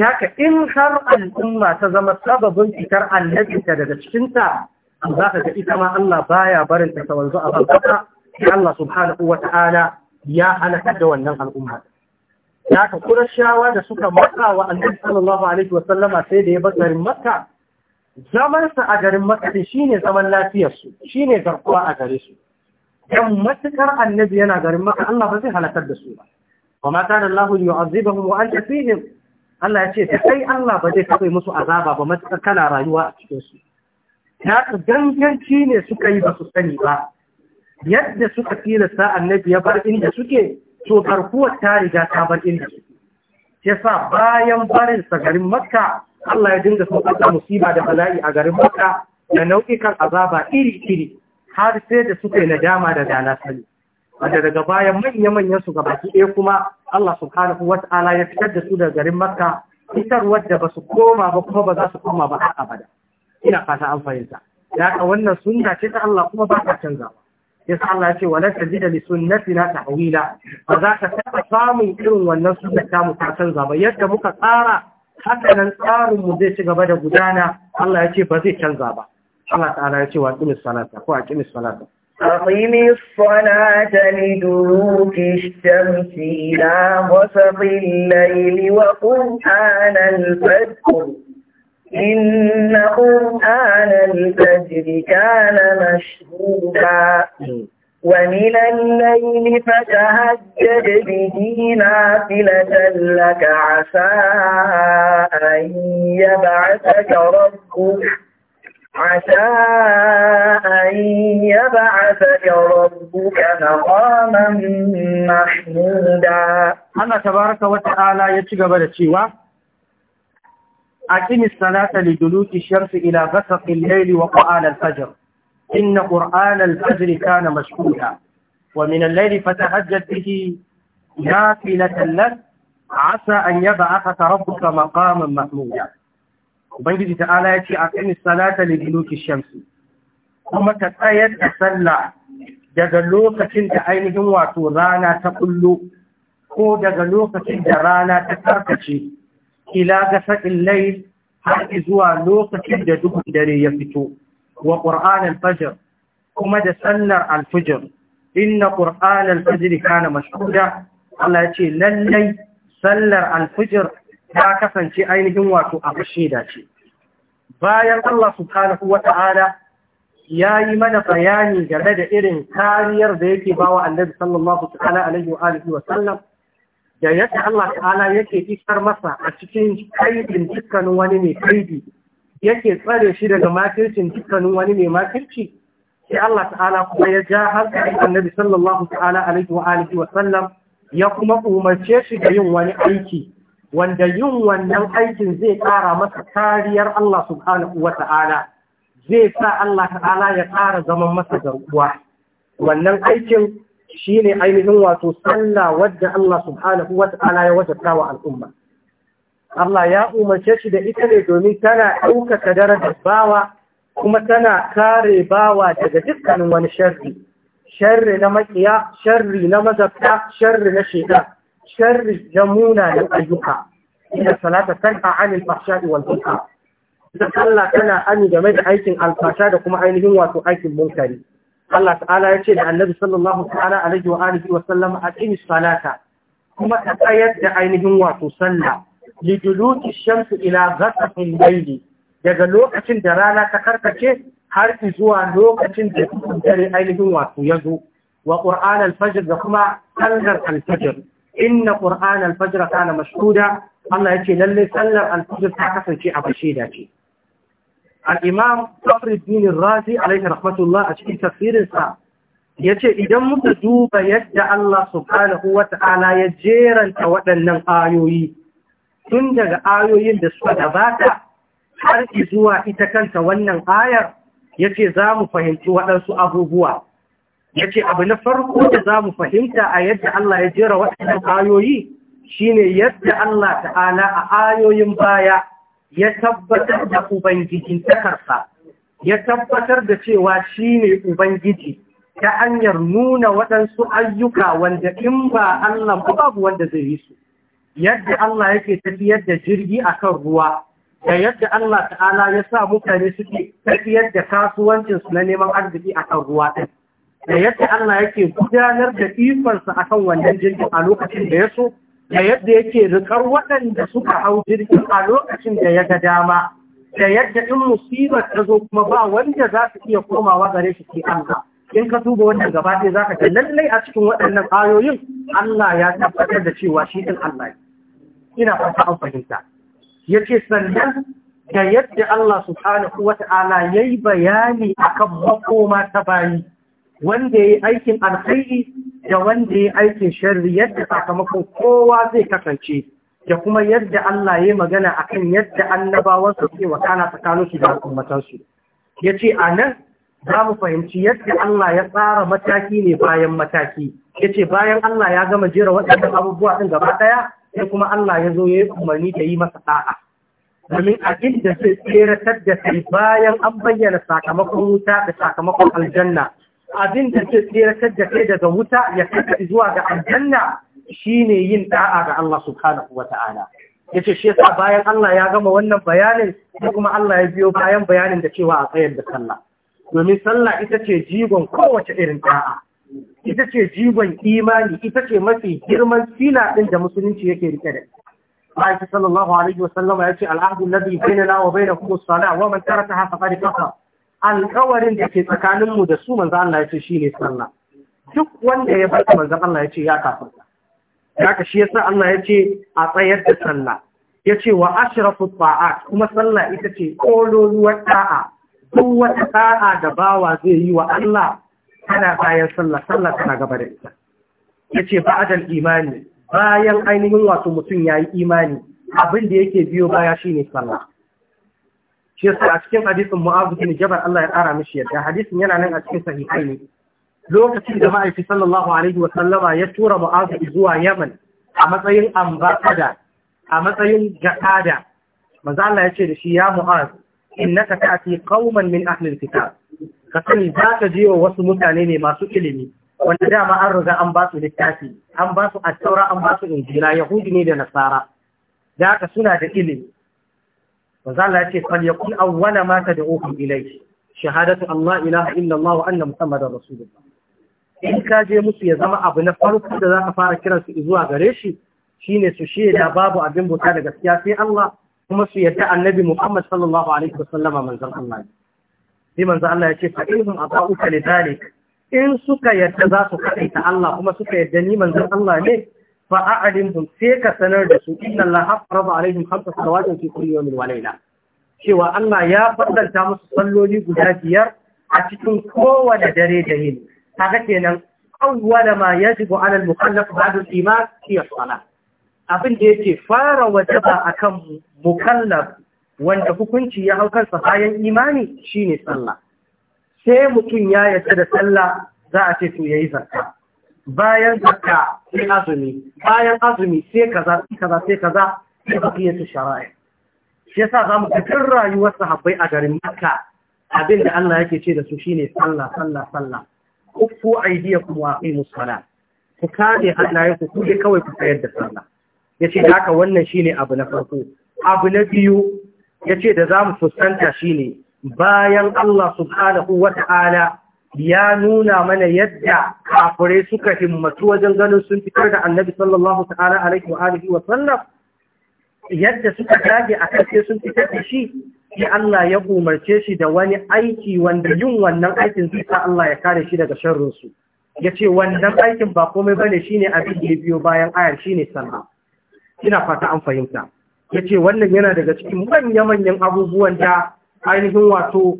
haka in har al'umma ta zama sababin fitar annabi ta daga cikinta za ka ga ita ma Allah baya barin ta wanzu a bankasa Allah subhanahu wa ta'ala ya halakar da wannan al'umma ya ka da suka maka wa annabi sallallahu alaihi wa sallama sai da ya bar garin makka zamansa a garin makka shine zaman lafiyarsu shine garkuwa a gare su dan matukar annabi yana garin maka Allah ba zai halakar da su ba wa ma kana Allah yu'azibuhum wa anta fihim Allah ya ce sai Allah ba zai kai musu azaba ba matukar kana rayuwa a cikin su ya ganganci ne suka yi ba su sani ba yadda suka sa annabi ya bar inda suke to karkuwar ta riga ta bar inda suke yasa bayan barin sa garin makka Allah ya dinga saukar musiba da bala'i a garin makka da nau'ikan azaba iri-iri har sai da suka yi nadama da dana sani wanda daga bayan manya-manyan su ga baki ɗaya kuma Allah subhanahu wata'ala ya fitar da su daga garin Makka fitar wadda ba su koma ba kuma ba za su koma ba ba abada ina fata an fahimta ya ka wannan sunna ce ta Allah kuma ba ba? Ya yasa Allah ya ce wala tajida li na tahwila ba za ka taɓa samun irin wannan sunna ta mu ta canza ba yadda muka tsara haka nan tsarin mu zai ci gaba da gudana Allah ya ce ba zai canza ba الله تعالى يتوى أقيم الصلاة أقوى أقيم الصلاة
أقيم أقم الصلاة لدروك الشمس إلى وسط الليل وقرآن الفجر إن قرآن الفجر كان مشهودا ومن الليل فتهجد به نافلة لك عسى أن يبعثك ربك عسى أن
يبعثك ربك مقاما محمودا الله تبارك وتعالى يتقبل الشيوة أقم الصلاة لدلوك الشرف إلى غسق الليل وقرآن الفجر إن قرآن الفجر كان مشهودا ومن الليل فتهجد به نافلة لك عسى أن يبعثك ربك مقاما محمودا ubangiji ta'ala ya ce aqimi salata li duluki shamsi kuma ta tsayar da sallah daga lokacin da ainihin wato rana ta kullu ko daga lokacin da rana ta karkace Kila ga faɗin layl har zuwa lokacin da duhun dare ya fito wa qur'an al kuma da sallar alfijir inna ƙur'anin al-fajr kana mashhuda Allah ce lallai sallar alfijir ta kasance ainihin wato abu shaida ce bayan Allah subhanahu wata'ala ya yi mana bayani game da irin kariyar da yake bawa annabi sallallahu ta'ala alaihi wa alihi wa sallam da yadda Allah ta'ala yake isar masa a cikin kaidin dukkanin wani mai kaidi yake tsare shi daga makircin dukkanin wani mai makirci sai Allah ta'ala kuma ya ja hankalin annabi sallallahu ta'ala alaihi wa alihi wa sallam ya kuma umarce shi da yin wani aiki wanda yin wannan aikin zai ƙara masa kariyar Allah subhanahu wa ta'ala zai sa Allah ta'ala ya ƙara zaman masa garkuwa wannan aikin shine ainihin wato sallah wadda Allah subhanahu wa ta'ala ya wajabta wa al'umma Allah ya umarce shi da ita ne domin tana ɗaukaka darajar bawa kuma tana kare bawa daga dukkanin wani sharri sharri na makiya sharri na mazabta sharri na shaitan sharri na da ayyuka inda salata tanha anil fahsha'i wal munkar ita Allah tana ani game da aikin alfasha da kuma ainihin wato aikin munkari Allah ta'ala ya ce da Annabi sallallahu ta'ala alaihi wa alihi wa sallam aqimi salata kuma ta tsayar da ainihin wato sallah li duluki shamsu ila ghasaqil layli daga lokacin da rana ta karkace har zuwa lokacin da dare ainihin wato ya zo wa qur'an al-fajr da kuma sallar al-fajr inna qur'an al-fajr kana mashhuda Allah yace lalle sallar al-fajr ta kasance a bashida ce al-imam Fakhruddin Razi alaihi rahmatullah a cikin tafsirinsa yace idan muka duba yadda Allah subhanahu Ta'ala ya jeranta waɗannan ayoyi tun daga ayoyin da suka gabata har zuwa ita kanta wannan ayar yace za mu fahimci waɗansu abubuwa ya ce abu na farko da za mu fahimta a yadda Allah ya jera waɗannan ayoyi shi ne yadda Allah ta'ala a ayoyin baya ya tabbatar da Ubangijin takarsa, ya tabbatar da cewa shi ne Ubangiji ta hanyar nuna waɗansu ayyuka wanda in ba Allah babu wanda zai yi su. Yadda Allah yake tafiyar da jirgi a kan ruwa, da yadda Allah ta'ala ya sa mutane suke tafiyar da kasuwancinsu na neman arziki a kan ruwa ɗin. da yadda Allah yake gudanar da ifarsa a kan wannan jirgin a lokacin da ya so, da yadda yake rikar waɗanda suka hau jirgin a lokacin da ya ga dama, da yadda in musibar ta zo kuma ba wanda za su iya komawa gare shi ke Allah. In ka duba wannan gaba ɗaya za ka ga lallai a cikin waɗannan ayoyin Allah ya tabbatar da cewa shi ɗin Allah ne. Ina fata an fahimta. Ya ce sannan da yadda Allah subhanahu wa ta'ala ya yi bayani akan makoma ta bayi. wanda ya yi aikin alkhairi da wanda ya yi aikin sharri yadda sakamakon kowa zai kasance da kuma yadda Allah ya yi magana akan yadda annabawansa ke wakana tsakaninsu da al'ummatansu ya ce a nan za mu fahimci yadda Allah ya tsara mataki ne bayan mataki ya ce bayan Allah ya gama jera waɗanda abubuwa ɗin gaba ɗaya sai kuma Allah ya zo ya yi umarni da yi masa ɗa'a domin a inda zai tseratar da kai bayan an bayyana sakamakon wuta da sakamakon aljanna abin da ke tsirkar da kai daga wuta ya kai zuwa ga aljanna shine yin da'a ga Allah subhanahu wata'ala yace shi yasa bayan Allah ya gama wannan bayanin kuma Allah ya biyo bayan bayanin da cewa a tsayar da sallah domin sallah ita ce jigon kowace irin da'a ita ce jigon imani ita ce mafi girman sila ɗin da musulunci yake rike da ma'aikata sallallahu alaihi sallama ya ce al'ahdu alladhi bainana wa bainakum as-salah wa man tarakaha faqad kafara alkawarin da ke tsakaninmu da su manzan Allah ya ce shi ne sallah duk wanda ya bar manzan Allah ya ce ya Ya ka shi yasa Allah ya ce a tsayar da sallah ya ce wa ashirafu ta'at kuma sallah ita ce ƙololuwar ta'a duk wata ta'a da bawa zai yi wa Allah tana bayan sallah sallah tana gaba da ita yace imani bayan ainihin wato mutum yayi imani abin da yake biyo baya shine sallah shi yasa a cikin hadisin Mu'adh bin Jabal Allah ya ƙara mishi yadda hadisin yana nan a cikin sahihai ne lokacin da ma'aifi sallallahu alaihi wa sallama ya tura Mu'adh zuwa Yaman a matsayin ambassador a matsayin jakada manzo Allah ya ce da shi ya Mu'az innaka ta'ti qauman min ahli al ka sani za ka je wa wasu mutane ne masu ilimi wanda dama an riga an ba su littafi an ba su at an ba su injila yahudi ne da nasara da haka suna da ilimi manzo Allah yace fal yakun awwala ma tad'uhum ilayhi shahadatu Allah ilaha illa Allah wa anna muhammadar in ka je musu ya zama abu na farko da za ka fara kiransu zuwa gare shi shine su shaida babu abin bauta da gaskiya sai Allah kuma su yadda annabi Muhammad sallallahu alaihi wasallama manzon Allah sai manzon Allah ya ce fa ilhum ata'uka lidalik in suka yadda za su kaita Allah kuma suka yadda ni manzon Allah ne fa a'limhum sai ka sanar da su inna Allah farada alaihim khamsa salawatin fi kulli yawmin wa layla cewa Allah ya faddalta musu salloli guda biyar a cikin kowane dare da yini kaga kenan awwala ma yajibu ala al-mukallaf ba'da al-iman fi as-salah abin da yake fara wajaba akan mukallaf wanda hukunci ya hau kansa bayan imani shine sallah sai mutum ya yarda da sallah za a ce to yayi zakka bayan zakka sai azumi bayan azumi sai kaza sai kaza sai kaza sai baqiyatu shara'i shi yasa zamu ga tun rayuwar sahabbai a garin Makka abin da Allah yake ce da su shine sallah sallah sallah Ku kufu aydiyakum wa aqimus salat ku kare hannayen ku kuje kawai ku tsayar da sallah yace da haka wannan shine abu na farko abu na biyu yace da zamu fuskanta shine bayan Allah subhanahu wata'ala ya nuna mana yadda kafirai suka himmatu wajen ganin sun fitar da annabi sallallahu ta'ala alaihi wa alihi wa sallam yadda suka dage a kace sun fitar da shi sai Allah ya umarce shi da wani aiki wanda yin wannan aikin zai sa Allah ya kare shi daga sharrinsu. su yace wannan aikin ba komai bane shine abin da biyo bayan ayar shine sana ina fata an fahimta yace wannan yana daga cikin manya manyan abubuwan da ainihin wato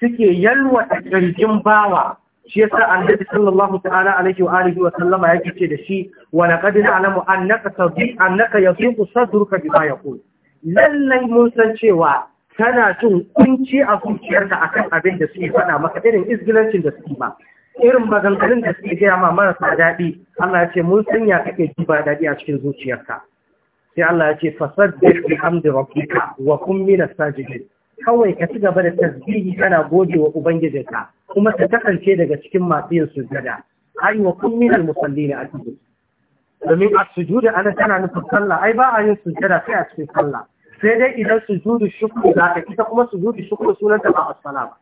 suke yalwata ƙirgin bawa shi ya yasa annabi sallallahu ta'ala alaihi wa wa sallama ya ce da shi wa na na'lamu annaka tadhi annaka yasiqu sadruka ya ku lallai mun san cewa tana cin kunci a zuciyarka akan abin da suke faɗa maka irin izgilancin da suke ba irin maganganun da suke gaya ma marasa daɗi Allah ya ce mun san ya kake ji ba daɗi a cikin zuciyarka sai Allah ya ce fasabbih fi rabbika wa kun mina sajidin kawai ka ci gaba da tasbihi kana gode wa ubangijinka kuma ka kasance daga cikin masu yin sujada ai wa kun min al-musallin a cikin domin a sujudu ana tana nufin sallah ai ba a yin sujada sai a cikin sallah sai dai idan sujudu shukru za ka ita kuma sujudu shukru sunan ta ba as salam ba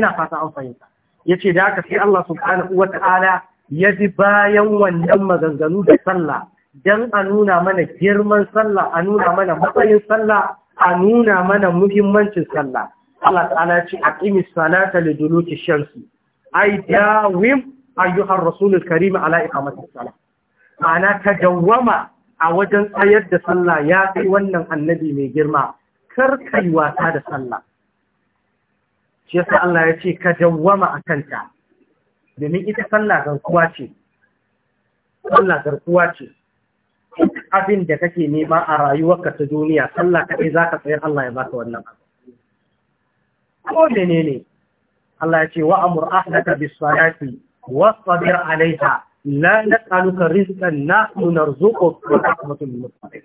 ina fata an fahimta yace da haka sai Allah subhanahu wa ta'ala ya ji bayan wannan maganganu da sallah dan a nuna mana girman sallah a nuna mana matsayin sallah a nuna mana muhimmancin sallah Allah ta'ala ce aqimi salata li duluki shamsi ay dawim ayyuhar rasulul karim ala iqamati salah ma'ana ta dawwama a wajen tsayar da sallah ya kai wannan annabi mai girma kar kai wasa da sallah shi yasa Allah ya ce ka dawwama a kanta domin ita sallah garkuwa ce sallah garkuwa ce abin da kake nema a rayuwarka ta duniya sallah kaɗai za ka tsayar Allah ya baka wannan ko mene ne Allah ya ce wa amur ahlaka bis salati wasbir alaiha la nas'aluka rizqan nahnu narzuquka wa rahmatul lil muttaqin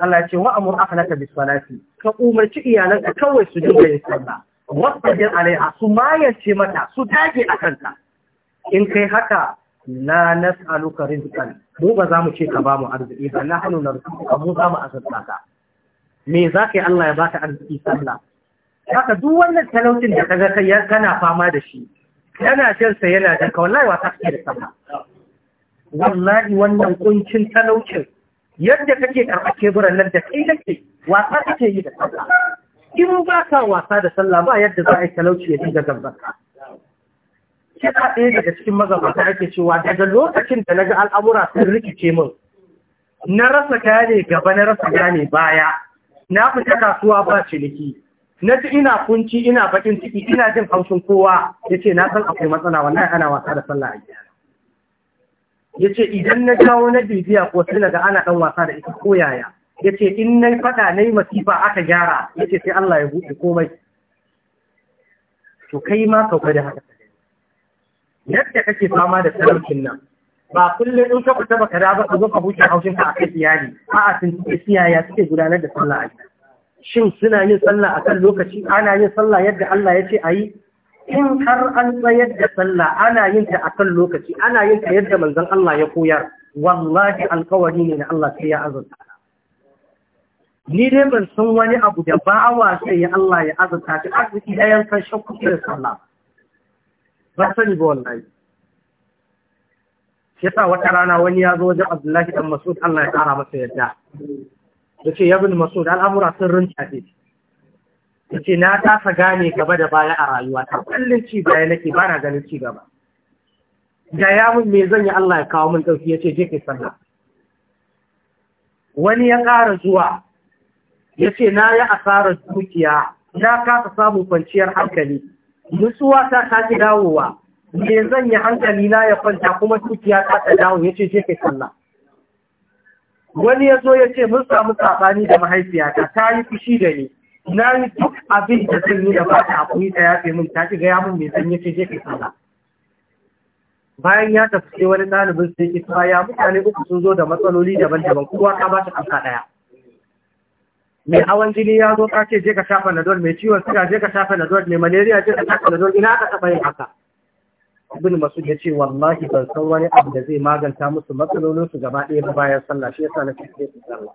Allah ya ce wa amur ahlaka bis salati ka umarci iyalanka kawai su dinga yin sallah wasbir alaiha su mayace mata su dage akan ta in kai haka la nas'aluka rizqan mu ba za mu ce ka ba mu arziki ba na hannu na ka mu za mu azurta ka me za ka yi Allah ya baka arziki sallah haka duk wannan talaucin da kaga kai kana fama da shi yana shan sa yana da ka wallahi ta ke da sallah wallahi wannan kuncin talaucin yadda kake karɓar keburan nan da kai nake wasa kake yi da sallah in ba ka wasa da sallah ba yadda za a yi talauci ya dinga gabbarka kira ɗaya daga cikin magabata ake cewa daga lokacin da na ga al'amura sun rikice min na rasa gane gaba na rasa gane baya na fita kasuwa ba ciniki na ji ina kunci ina bakin ciki ina jin haushin kowa ya ce na san akwai matsala wannan ana wasa da sallah a gida ya ce idan na kawo na bibiya ko sai na ga ana ɗan wasa da ita ko yaya ya ce in na faɗa na yi masifa aka gyara ya ce sai Allah ya buɗe komai to kai ma ka gwada haka yadda kake fama da talaucin nan ba kullum in ka fita baka da ba ka zo ka huce haushin ka akai iyali a sun suke siyaya suke gudanar da sallah a shin suna yin sallah a kan lokaci ana yin sallah yadda Allah ya ce a yi in har an tsayar da sallah ana yin ta a kan lokaci ana yin ta yadda manzon Allah ya koyar wallahi alkawari ne na Allah sai ya azurta ni dai ban san wani abu da ba wa sai ya Allah ya azurta ta arziki ɗayan kan shakku da sallah ba sani ba wallahi shi yasa wata rana wani ya zo wajen Abdullahi dan Mas'ud Allah ya kara masa yadda yace ya bin Mas'ud al'amura sun rinta ce yace na kasa gane gaba da baya a rayuwa ta kallin ci baya nake ba na ganin ci gaba da ya mun me zan yi Allah ya kawo mun dauki yace je kai sallah wani ya ƙara zuwa yace na yi asarar dukiya na kasa samun kwanciyar hankali nutsuwa ta ta ki dawowa me zan yi hankali na ya kwanta kuma tukiya ta ta dawo ya ce je kai sallah wani ya zo ya ce mun samu sabani da mahaifiyata ta yi fushi da ni na yi duk abin da zan yi da ba ta hakuri ta yafe min ta ki gaya min me zan ce ce kai sallah bayan ya tafi sai wani ɗalibin sai ki tsaya mutane uku sun zo da matsaloli daban-daban kowa ta ba shi ɗaya mai hawan jini ya zo kake je ka sha nadol? mai ciwon suga je ka na nadol. mai malaria je ka sha nadol. ina aka taba yin haka ibn masud ya ce wallahi ban san wani abu da zai maganta musu matsalolin su gaba ɗaya ba bayan sallah shi yasa na fice su sallah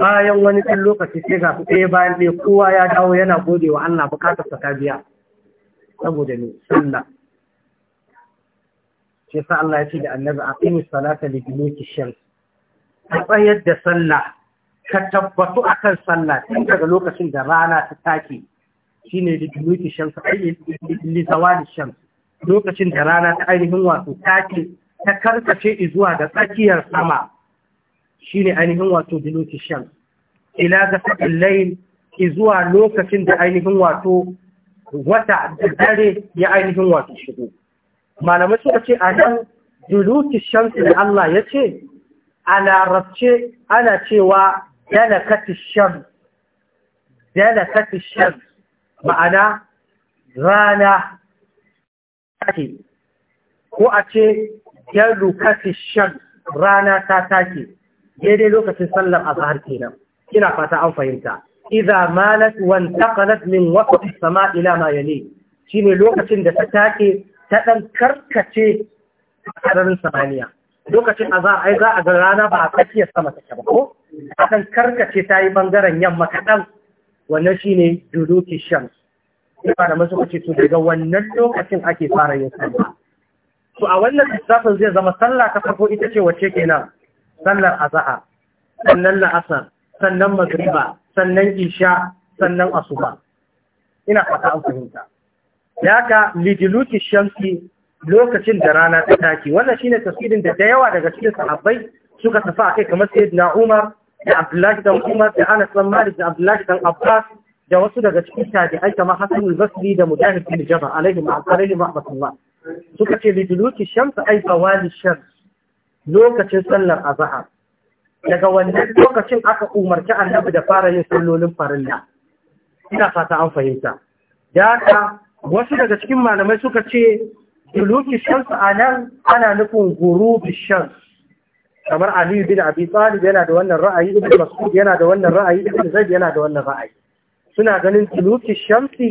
bayan wani ɗan lokaci sai ga ɗaya bayan ɗaya kowa ya dawo yana gode wa Allah bukatar sa ta biya saboda ne sallah shi yasa Allah ya ce da annabi aqimis salata li duluki shams a tsayar da sallah ka tabbatu akan sallah tun daga lokacin da rana ta take shine liduluki shamsu li da shan. lokacin da rana ta ainihin wato take ta karkace zuwa ga tsakiyar sama shine ainihin wato diluki shan. ila ga sakin layl zuwa lokacin da ainihin wato wata da dare ya ainihin wato shigo malamai suka ce a nan shan su da Allah ya ce a larabce ana cewa dalakat shams dalakat ma'ana rana take ko a ce dalakat shams rana ta take daidai lokacin sallar azhar kenan ina fata an fahimta idza malat wa intaqalat min wasat as-sama' ila shine lokacin da ta take ta dan karkace sararin samaniya lokacin azhar ai za a ga rana ba a tsakiyar sama take ba ko akan karkace ta yi bangaren yamma kaɗan wannan shi ne duduki shams ina da masu kuce su daga wannan lokacin ake fara yin sallah to a wannan lissafin zai zama sallah ta farko ita ce wacce kenan sallar za'a, sannan la'asar sannan magriba sannan isha sannan asuba ina fata an fahimta ya ka lidiluki shamsi lokacin da rana ta taki wannan shine tafsirin da da yawa daga cikin sahabbai suka tafi a kai kamar sai na umar da abdullahi dan umar da anas dan malik da abdullahi dan abbas da wasu daga cikin tabi'ai kamar hasan al-basri da mujahid bin jabal alaihi ma'alaihi rahmatullah suka ce liduluki shams ay fawali shams lokacin sallar azhar daga wannan lokacin aka umarci annabi da fara yin sallolin farilla ina fata an fahimta da haka wasu daga cikin malamai suka ce duluki shams anan ana nufin gurubi shams kamar Aliyu bin Abi Talib yana da wannan ra'ayi Ibn Mas'ud yana da wannan ra'ayi Ibn Zaid yana da wannan ra'ayi suna ganin tuluki shamsi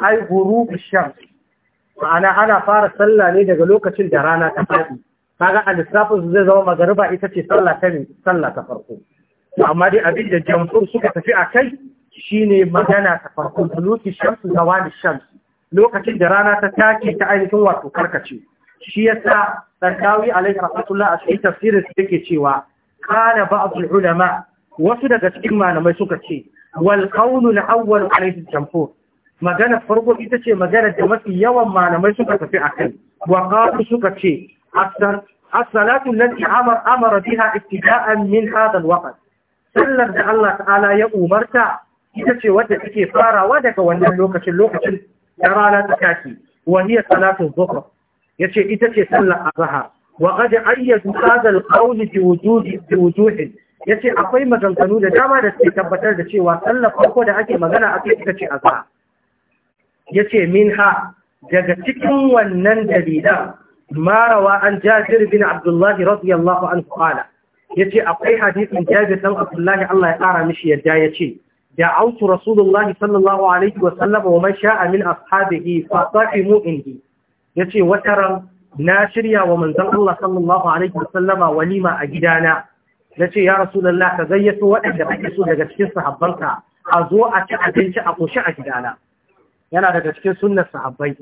ai ghurub shamsi ma'ana ana fara sallah ne daga lokacin da rana ta fadi. kaga a lissafin su zai zama magariba ita ce sallah ta ne ta farko amma dai abin da jamhur suka tafi a kai shine magana ta farko tuluki shamsi zawali shamsi lokacin da rana ta take ta ainihin wato karkace shi yasa sarkawi alaihi rahmatullah a cikin tafsirin su yake cewa kana ba'dul ulama wasu daga cikin malamai suka ce wal qawlu al-awwal alaihi jamhur magana farko ita ce magana da mafi yawan malamai suka tafi akai wa qalu suka ce asar as-salatu allati amara amara biha ibtida'an min hadha al-waqt sallar da Allah ta'ala ya umarta ita ce wadda take farawa daga wannan lokacin lokacin da rana ta tashi wa hiya salatu dhuhr ya ce ita ce sallar azahar wa gaji ayyadu kazar kauli jiwujuhin ya ce akwai maganganu da dama da ke tabbatar da cewa sallar farko da ake magana ake ita ce azahar ya ce min ha daga cikin wannan dalilan marawa an jajir bin abdullahi radiyallahu an ya ce akwai hadisin jajir dan abdullahi allah ya kara mishi yadda ya ce da autu rasulullahi sallallahu alaihi wasallam wa man sha'a min ashabihi fa sa'imu indi ce wata ran na shirya wa manzon Allah sallallahu alaihi wasallama walima a gidana yace ya rasulullah ka gayyato waɗanda ake so daga cikin sahabbanka a zo a ci abinci a koshi a gidana yana daga cikin sunnar sahabbai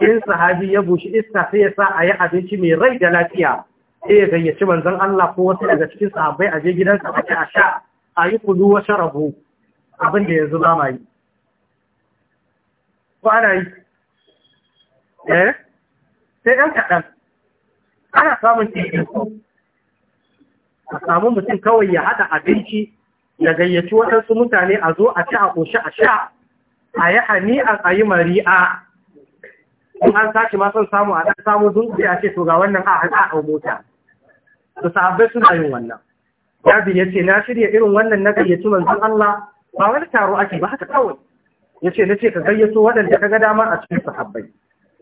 in sahabi ya bushi iska sai ya sa a yi abinci mai rai da lafiya sai ya gayyaci manzon Allah ko wasu daga cikin sahabbai a je gidansa a ci a sha a yi kudu wa sharabu abin da yanzu ba ma ko ana yi eh sai ɗan kaɗan ana samun teku a samu mutum kawai ya haɗa abinci ya gayyaci waɗansu mutane a zo a ci a ƙoshi a sha a yi hani a yi mari'a in an sashi ma samu a ɗan samu dunkuɗi a ce to ga wannan a haɗa a mota su sahabbai suna yin wannan ya ya ce na shirya irin wannan na gayyaci manzon Allah ba wani taro ake ba haka kawai ya ce na ce ka gayyato waɗanda ka ga dama a cikin sahabbai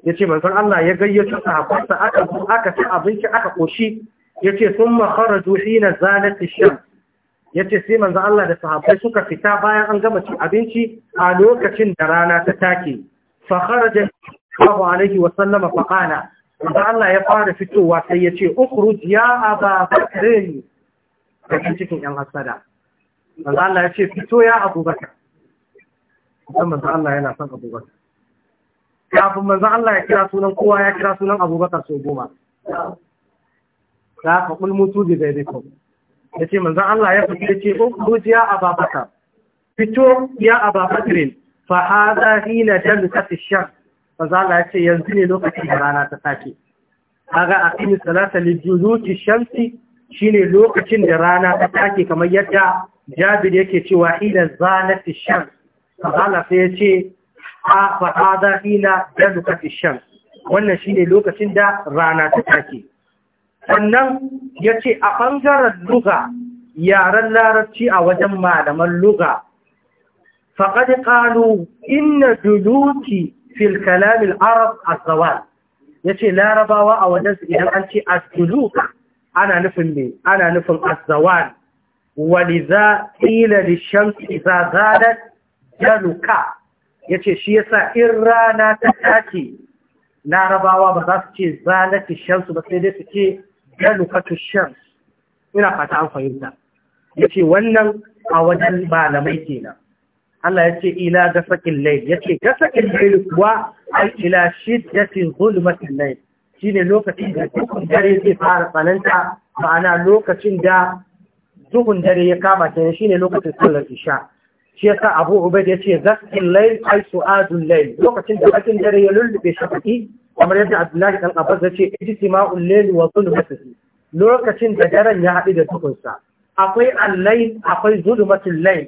yace manzon Allah ya gayyato sahabarsa aka zo aka ci abinci aka koshi yace thumma kharaju hina zalat ash-shams yace sai manzon Allah da sahabai suka fita bayan an gama cin abinci a lokacin da rana ta take fa kharaja abu alaihi wa sallama fa qala Allah ya fara fitowa sai yace ukhruj ya aba bakrin daga cikin yan hasada manzon Allah ya ce fito ya Abubakar dan manzon Allah yana son Abubakar kafin manzan Allah ya kira sunan kowa ya kira sunan abubakar sau goma da aka mutu da zai zai ya ce manzan Allah ya fito ya ce jiya a babaka fito ya a babakar fa haza na jan kafi shan Manzan Allah ya ce yanzu ne lokaci da rana ta sake kaga a kini salata lijuluki shamsi shine lokacin da rana ta sake kamar yadda Jabir yake cewa ila zalati shams Allah sai ya ce a fa'ada ila ya zuka ishan wannan shine lokacin da rana ta take sannan ya ce a ɓangaren luga yaren larabci a wajen malaman luga faƙaɗi ƙalu inna duluki fil kalamin arab azawal ya ce larabawa a wajensu idan an ce asduluk ana nufin ne ana nufin azawal waliza ƙila lishan iza zalar ya ce shi yasa in rana ta take larabawa ba za su ce zalati shamsu ba sai dai su ce galukatu shams ina fata an fahimta ya ce wannan a wajen malamai kenan Allah ya ce ila sakin lail ya ce gasakin lail kuwa ai ila shiddatin zulmatin lail shine lokacin da dukkan dare zai fara tsananta ma'ana lokacin da duhun dare ya kama ta shine lokacin sallar isha shi yasa Abu Ubaid yace zakin layl ay su'adul layl lokacin da bakin dare ya lullube shafi kamar yadda Abdullahi dan Abbas yace ijtima'ul layl wa zulmatuhu lokacin da daren ya haɗu da dukunsa akwai al lail akwai zulmatul layl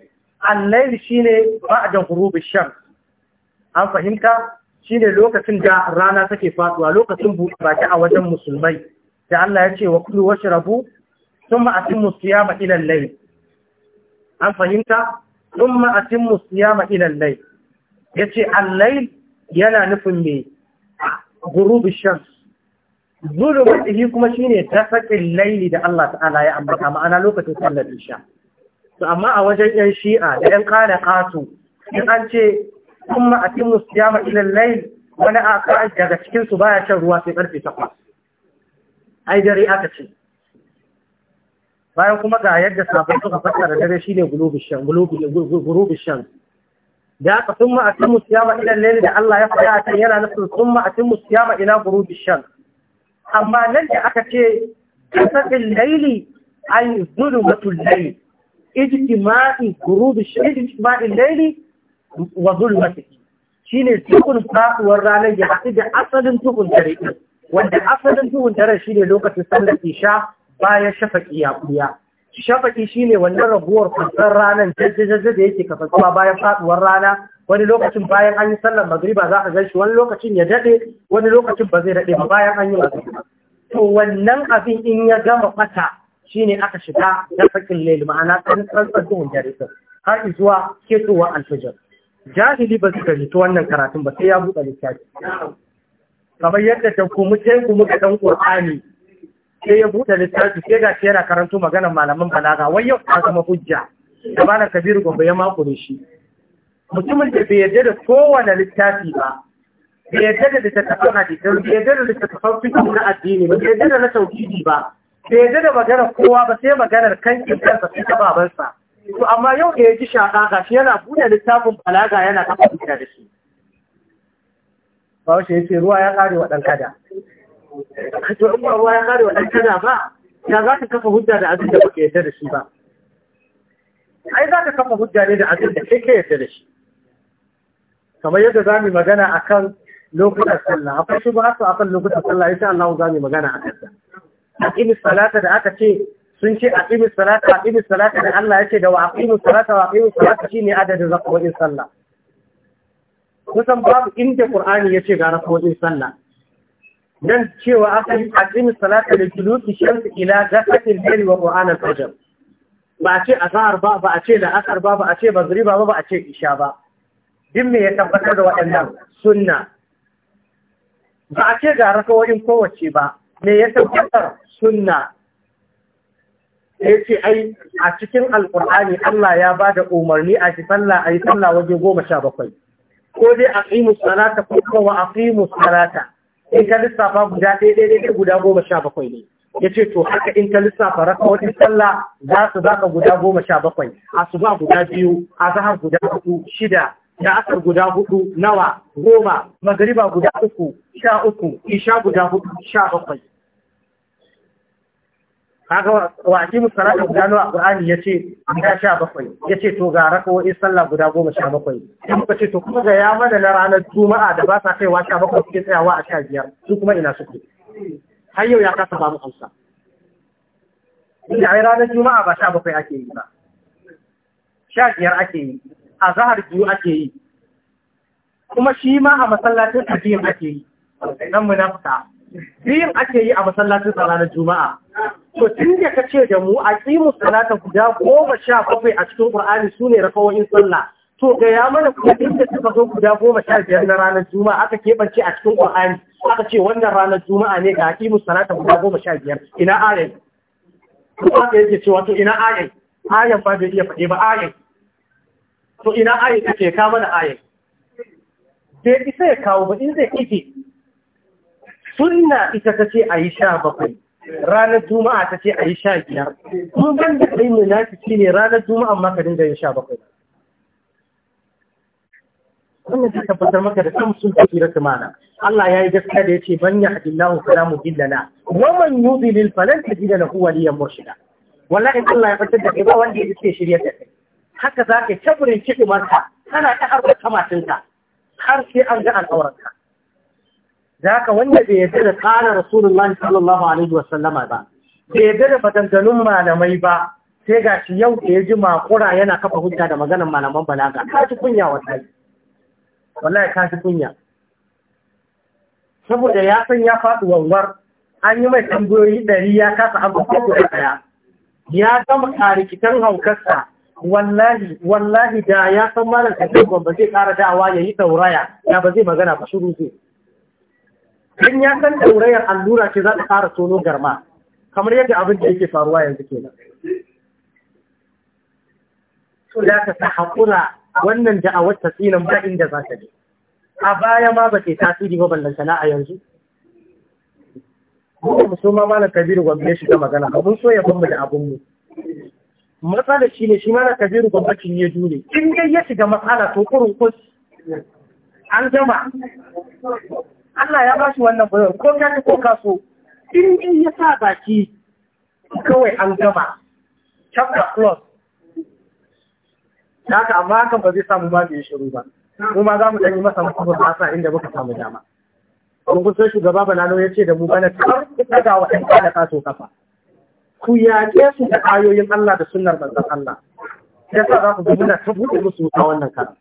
al-layl shine ba'da ghurubi shams an fahimta shine lokacin da rana take faduwa lokacin buɗe baki a wajen musulmai da Allah ya ce wa kulu washrabu thumma atimmu siyama ila al-layl an fahimta sun ma'atin musiyama ilan lai ya ce allai yana nufin mai gurubi shams zulumin ɗihi kuma shi ne ta saƙin laili da Allah ta'ala ya ambata ma'ana lokacin sallar sha to amma a wajen yan shi'a da yan kana ƙato in an ce sun ma'atin musiyama ilan lai wani aka daga cikinsu baya shan ruwa sai ƙarfe takwas ai dare aka ce bayan kuma ga yadda sabon suka fassara dare shine gulubi shan shan da aka sun ma atin musiyama ila lalle da Allah ya faɗa akan yana nufin sun ma atin musiyama ila gulubi shan amma nan da aka ce kasafin laili an zulmatul laili ijtima'i gulubi shan ijtima'in laili wa zulmatihi shine tukun faɗuwar ranar ya haɗu da asalin tukun dare wanda asalin tuhun daren shi ne lokacin sallar isha Bayan shafaƙi ya ɓuya shafaƙi ne wannan raguwar fasar ranar jajjajen da yake kafasuwa bayan faɗuwar rana wani lokacin bayan an yi sallar magriba za a ganshi wani lokacin ya daɗe wani lokacin ba zai daɗe ba bayan an yi magriba to wannan abin in ya gama fata shine aka shiga shafaƙin lail ma'ana tsantsar duhun dare har zuwa ketowar alfajar. jahili ba su ta wannan karatun ba sai ya buɗe littafi kamar yadda ta kuma ku muka ɗan ƙur'ani sai ya buɗe littafi sai ga yana karanto maganar malaman balaga wai yau ta zama hujja da bana kabiru gombe ya makure shi mutumin da bai yarda da kowane littafi ba bai yarda da littattafan hadisan bai yarda da littattafan fikin na addini ba bai yarda da na tauhidi ba bai yarda da maganar kowa ba sai maganar kankin kansa su ta babansa to amma yau da ya ji shaɗa ga shi yana buɗe littafin balaga yana kafa hujja da shi ba ya ce ruwa ya ƙare wa ɗan kada to in ba ruwa ya kare wannan kaza ba ya za ka kafa hujja da abin da baka yarda da shi ba ai za ka kafa hujja ne da abin da kai yarda da shi kamar yadda za mu magana kan lokutan sallah akwai shi ba su kan lokutan sallah insha Allah za mu magana a akan A aqimi salata da aka ce sun ce a aqimi salata aqimi salata da Allah ya ce da wa aqimi salata wa aqimi salata shine adadin in sallah kusan babu inda Qur'ani ya ce ga in sallah nan cewa aka yi aqimu salata da suluki shamsi ila ghasaqil layli wa qur'an al-fajr ba a ce azhar ba ba a ce da asar ba ba a ce magriba ba ba a ce isha ba duk me ya tabbatar da waɗannan sunna ba a ce ga rakawoyin kowace ba me ya tabbatar sunna ya ce ai a cikin alkur'ani Allah ya ba da umarni a shi sallah a yi sallah waje goma sha bakwai ko dai a ƙimu salata ko kuma a ƙimu salata in ka lissafa guda ɗaya ɗaya ɗaya guda goma sha bakwai ne ya ce to haka in ka lissafa rakawatin sallah za su baka guda goma sha bakwai asuba guda biyu a zahar guda hudu shida da asar guda hudu nawa goma magariba guda uku sha uku isha guda hudu sha bakwai kaga wa aqimu salata guda nawa qur'ani yace guda sha bakwai yace to ga rakawoyi sallah guda goma sha bakwai sai muka ce to kuma ga ya mana na ranar juma'a da ba sa kai sha bakwai suke tsayawa a sha biyar su kuma ina suke har yau ya kasa ba mu amsa inda ai ranar juma'a ba sha bakwai ake yi ba sha biyar ake yi a zahar biyu ake yi kuma shi ma a masallacin tafiyin ake yi na fita. biyun ake yi a masallacin ranar juma'a to tun da ka ce da mu a tsimu salata guda goma sha bakwai a cikin ƙur'ani su ne rakawoyin sallah to ga ya mana kuma da suka zo guda goma sha biyar na ranar juma'a aka keɓance a cikin ƙur'ani aka ce wannan ranar juma'a ne ga aqimu salata guda goma sha biyar ina ayan ko aka yake cewa to ina ayan ayan ba bai iya faɗe ba ayan to ina ayin kake ka mana ayin bai isa ya kawo ba in zai ike sunna ita ta ce a yi sha bakwai ranar juma'a ta ce a yi sha biyar kuma ban da kai shi ne ranar juma'a ma ka dinga yin sha bakwai wannan ta tabbatar maka da kan sun tafi da tumana Allah ya yi gaskiya da ya ce ban ya hadin lahu kalamu billana wa man lil falan tajida lahu waliyan murshida in Allah ya fitar da kai ba wanda ya ce shirya ta kai haka zaka taburin marka? kana ta harkar kamatinka har sai an ga al'aurarka bai yadda da قال رسول الله صلى الله ba, bai yadda da fatantanun malamai ba sai ga shi yau da ya ji makura yana kafa hujja da maganar malaman balaga ka ci kunya wallahi wallahi ka ci kunya saboda ya san ya faɗi wanwar an yi mai tambayoyi ɗari ya kasa abu ko ɗaya ya gama karikitan haukarsa wallahi wallahi da ya san malam kafin ba zai ƙara dawa ya yi tauraya, ya ba zai magana ba shuru zai dan ya san daurayar allura ce za ta fara tono garma kamar yadda abin da yake faruwa yanzu ke to da ka ta hakura wannan da'awar ta tsinan ba inda za ta je a baya ma ba ke tasiri ba ballantana a yanzu mu so ma malam kabiru gwamnati shi ta magana abun so ya bamu da abun mu Matsala shi ne shi mana kabiru gwamnati ya jure in dai ya shiga matsala to kurun kus an gama Allah ya bashi wannan bayan ko ka ko kaso in in ya sa baki kawai an gama chapter plus haka amma hakan ba zai samu ba da shiru ba mu ma za mu ɗanyi masa mutum ba sa inda muka samu dama mun kusa shugaba banano ya ce da mu bana kar ku daga wa ɗan kada kaso kafa ku yaƙe su da ayoyin Allah da sunnar manzon Allah ya sa za ku ga muna
ta buɗe musu wuta wannan karan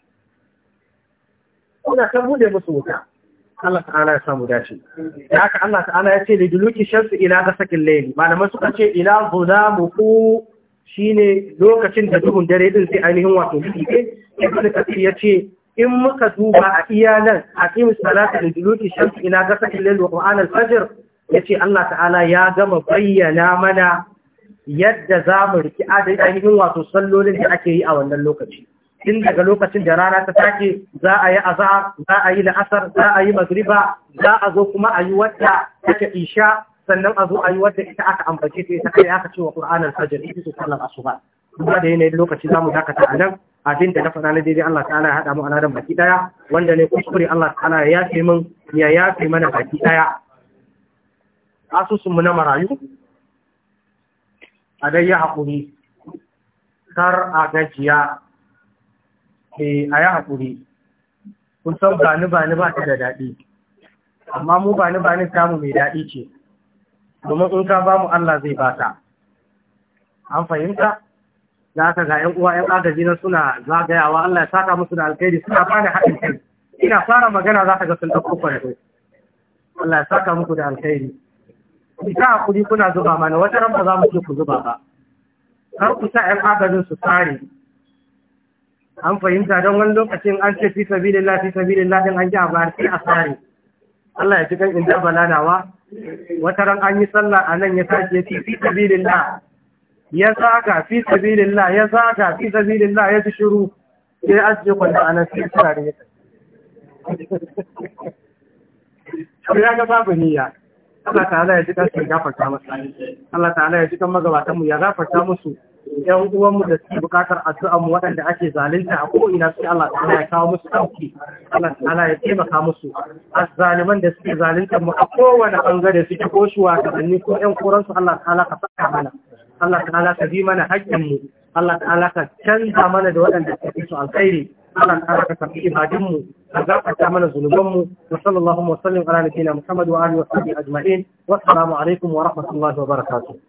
muna ta buɗe musu wuta Allah ta'ala ya samu dace da haka Allah ta'ala ya ce da duluki shamsu ila gasakin layli malaman suka ce ila zulamuku shine lokacin da duhun dare din sai ainihin wato fiye ibn kathir ya ce in muka duba a iyalan aqim salata da duluki shamsu ila gasakin layli wa qur'an al-fajr yace Allah ta'ala ya gama bayyana mana yadda za mu riki adadin ainihin wato sallolin da ake yi a wannan lokaci tun daga lokacin da rana ta take za a yi aza, za a yi la'asar za a yi magriba za a zo kuma a yi wadda take isha sannan a zo a yi wadda ita aka ambace ta ita kai aka ce wa al fajr ita ce sallar asuba kuma da yanayin lokaci zamu dakata a nan abin da na faɗa na daidai Allah ta'ala ya haɗa mu aladan baki daya wanda ne kuskure Allah ta'ala ya yafe min ya yafe mana baki daya asusun mu na marayu a dai ya haƙuri kar a gajiya E, a yi haƙuri kun san bani bani ba ta da daɗi amma mu bani bani samu mai daɗi ce domin in ka ba mu Allah zai ba ta an fahimta za ka ga 'yan uwa 'yan agaji na suna zagayawa Allah ya saka musu da alkhairi suna fara haɗin kai ina fara magana za ka ga sun ɗauko kwanto Allah ya saka muku da alkhairi ku ta hakuri kuna zuba mana wata ran ba za mu ce ku zuba ba kar ku sa 'yan agajin su tsare an fahimta don wani lokacin an ce fi lafi sabi da din an ji a bayar sai a tsare Allah ya ci kan inda balanawa wata ran an yi sallah a nan ya sake ya ce fi lafi ya saka fi lafi ya saka fi lafi ya ci shiru sai an ce kwanta a nan sai ya tsare ya ya ga babu niyya Allah ta'ala ya ji kan gafarta masa Allah ta'ala ya ji kan magabatanmu ya gafarta musu yan uwanmu da suke bukatar addu'a mu waɗanda ake zalunta a ko ina sai Allah ta'ala ya kawo musu ɗauki Allah ta'ala ya taimaka musu azzaliman da suke zalunta mu a kowane bangare suke ko shuwagabanni ko yan kuransu Allah ta'ala ka saka mana Allah ta'ala ka bi mana haƙƙin mu Allah ta'ala ka canza mana da waɗanda suke su alkhairi Allah ta'ala ka tafi ibadin mu ka gafarta mana zunuban mu wa sallallahu wa sallam ala nabiyyina Muhammad wa alihi wa sahbihi ajma'in wa assalamu alaikum wa rahmatullahi wa barakatuh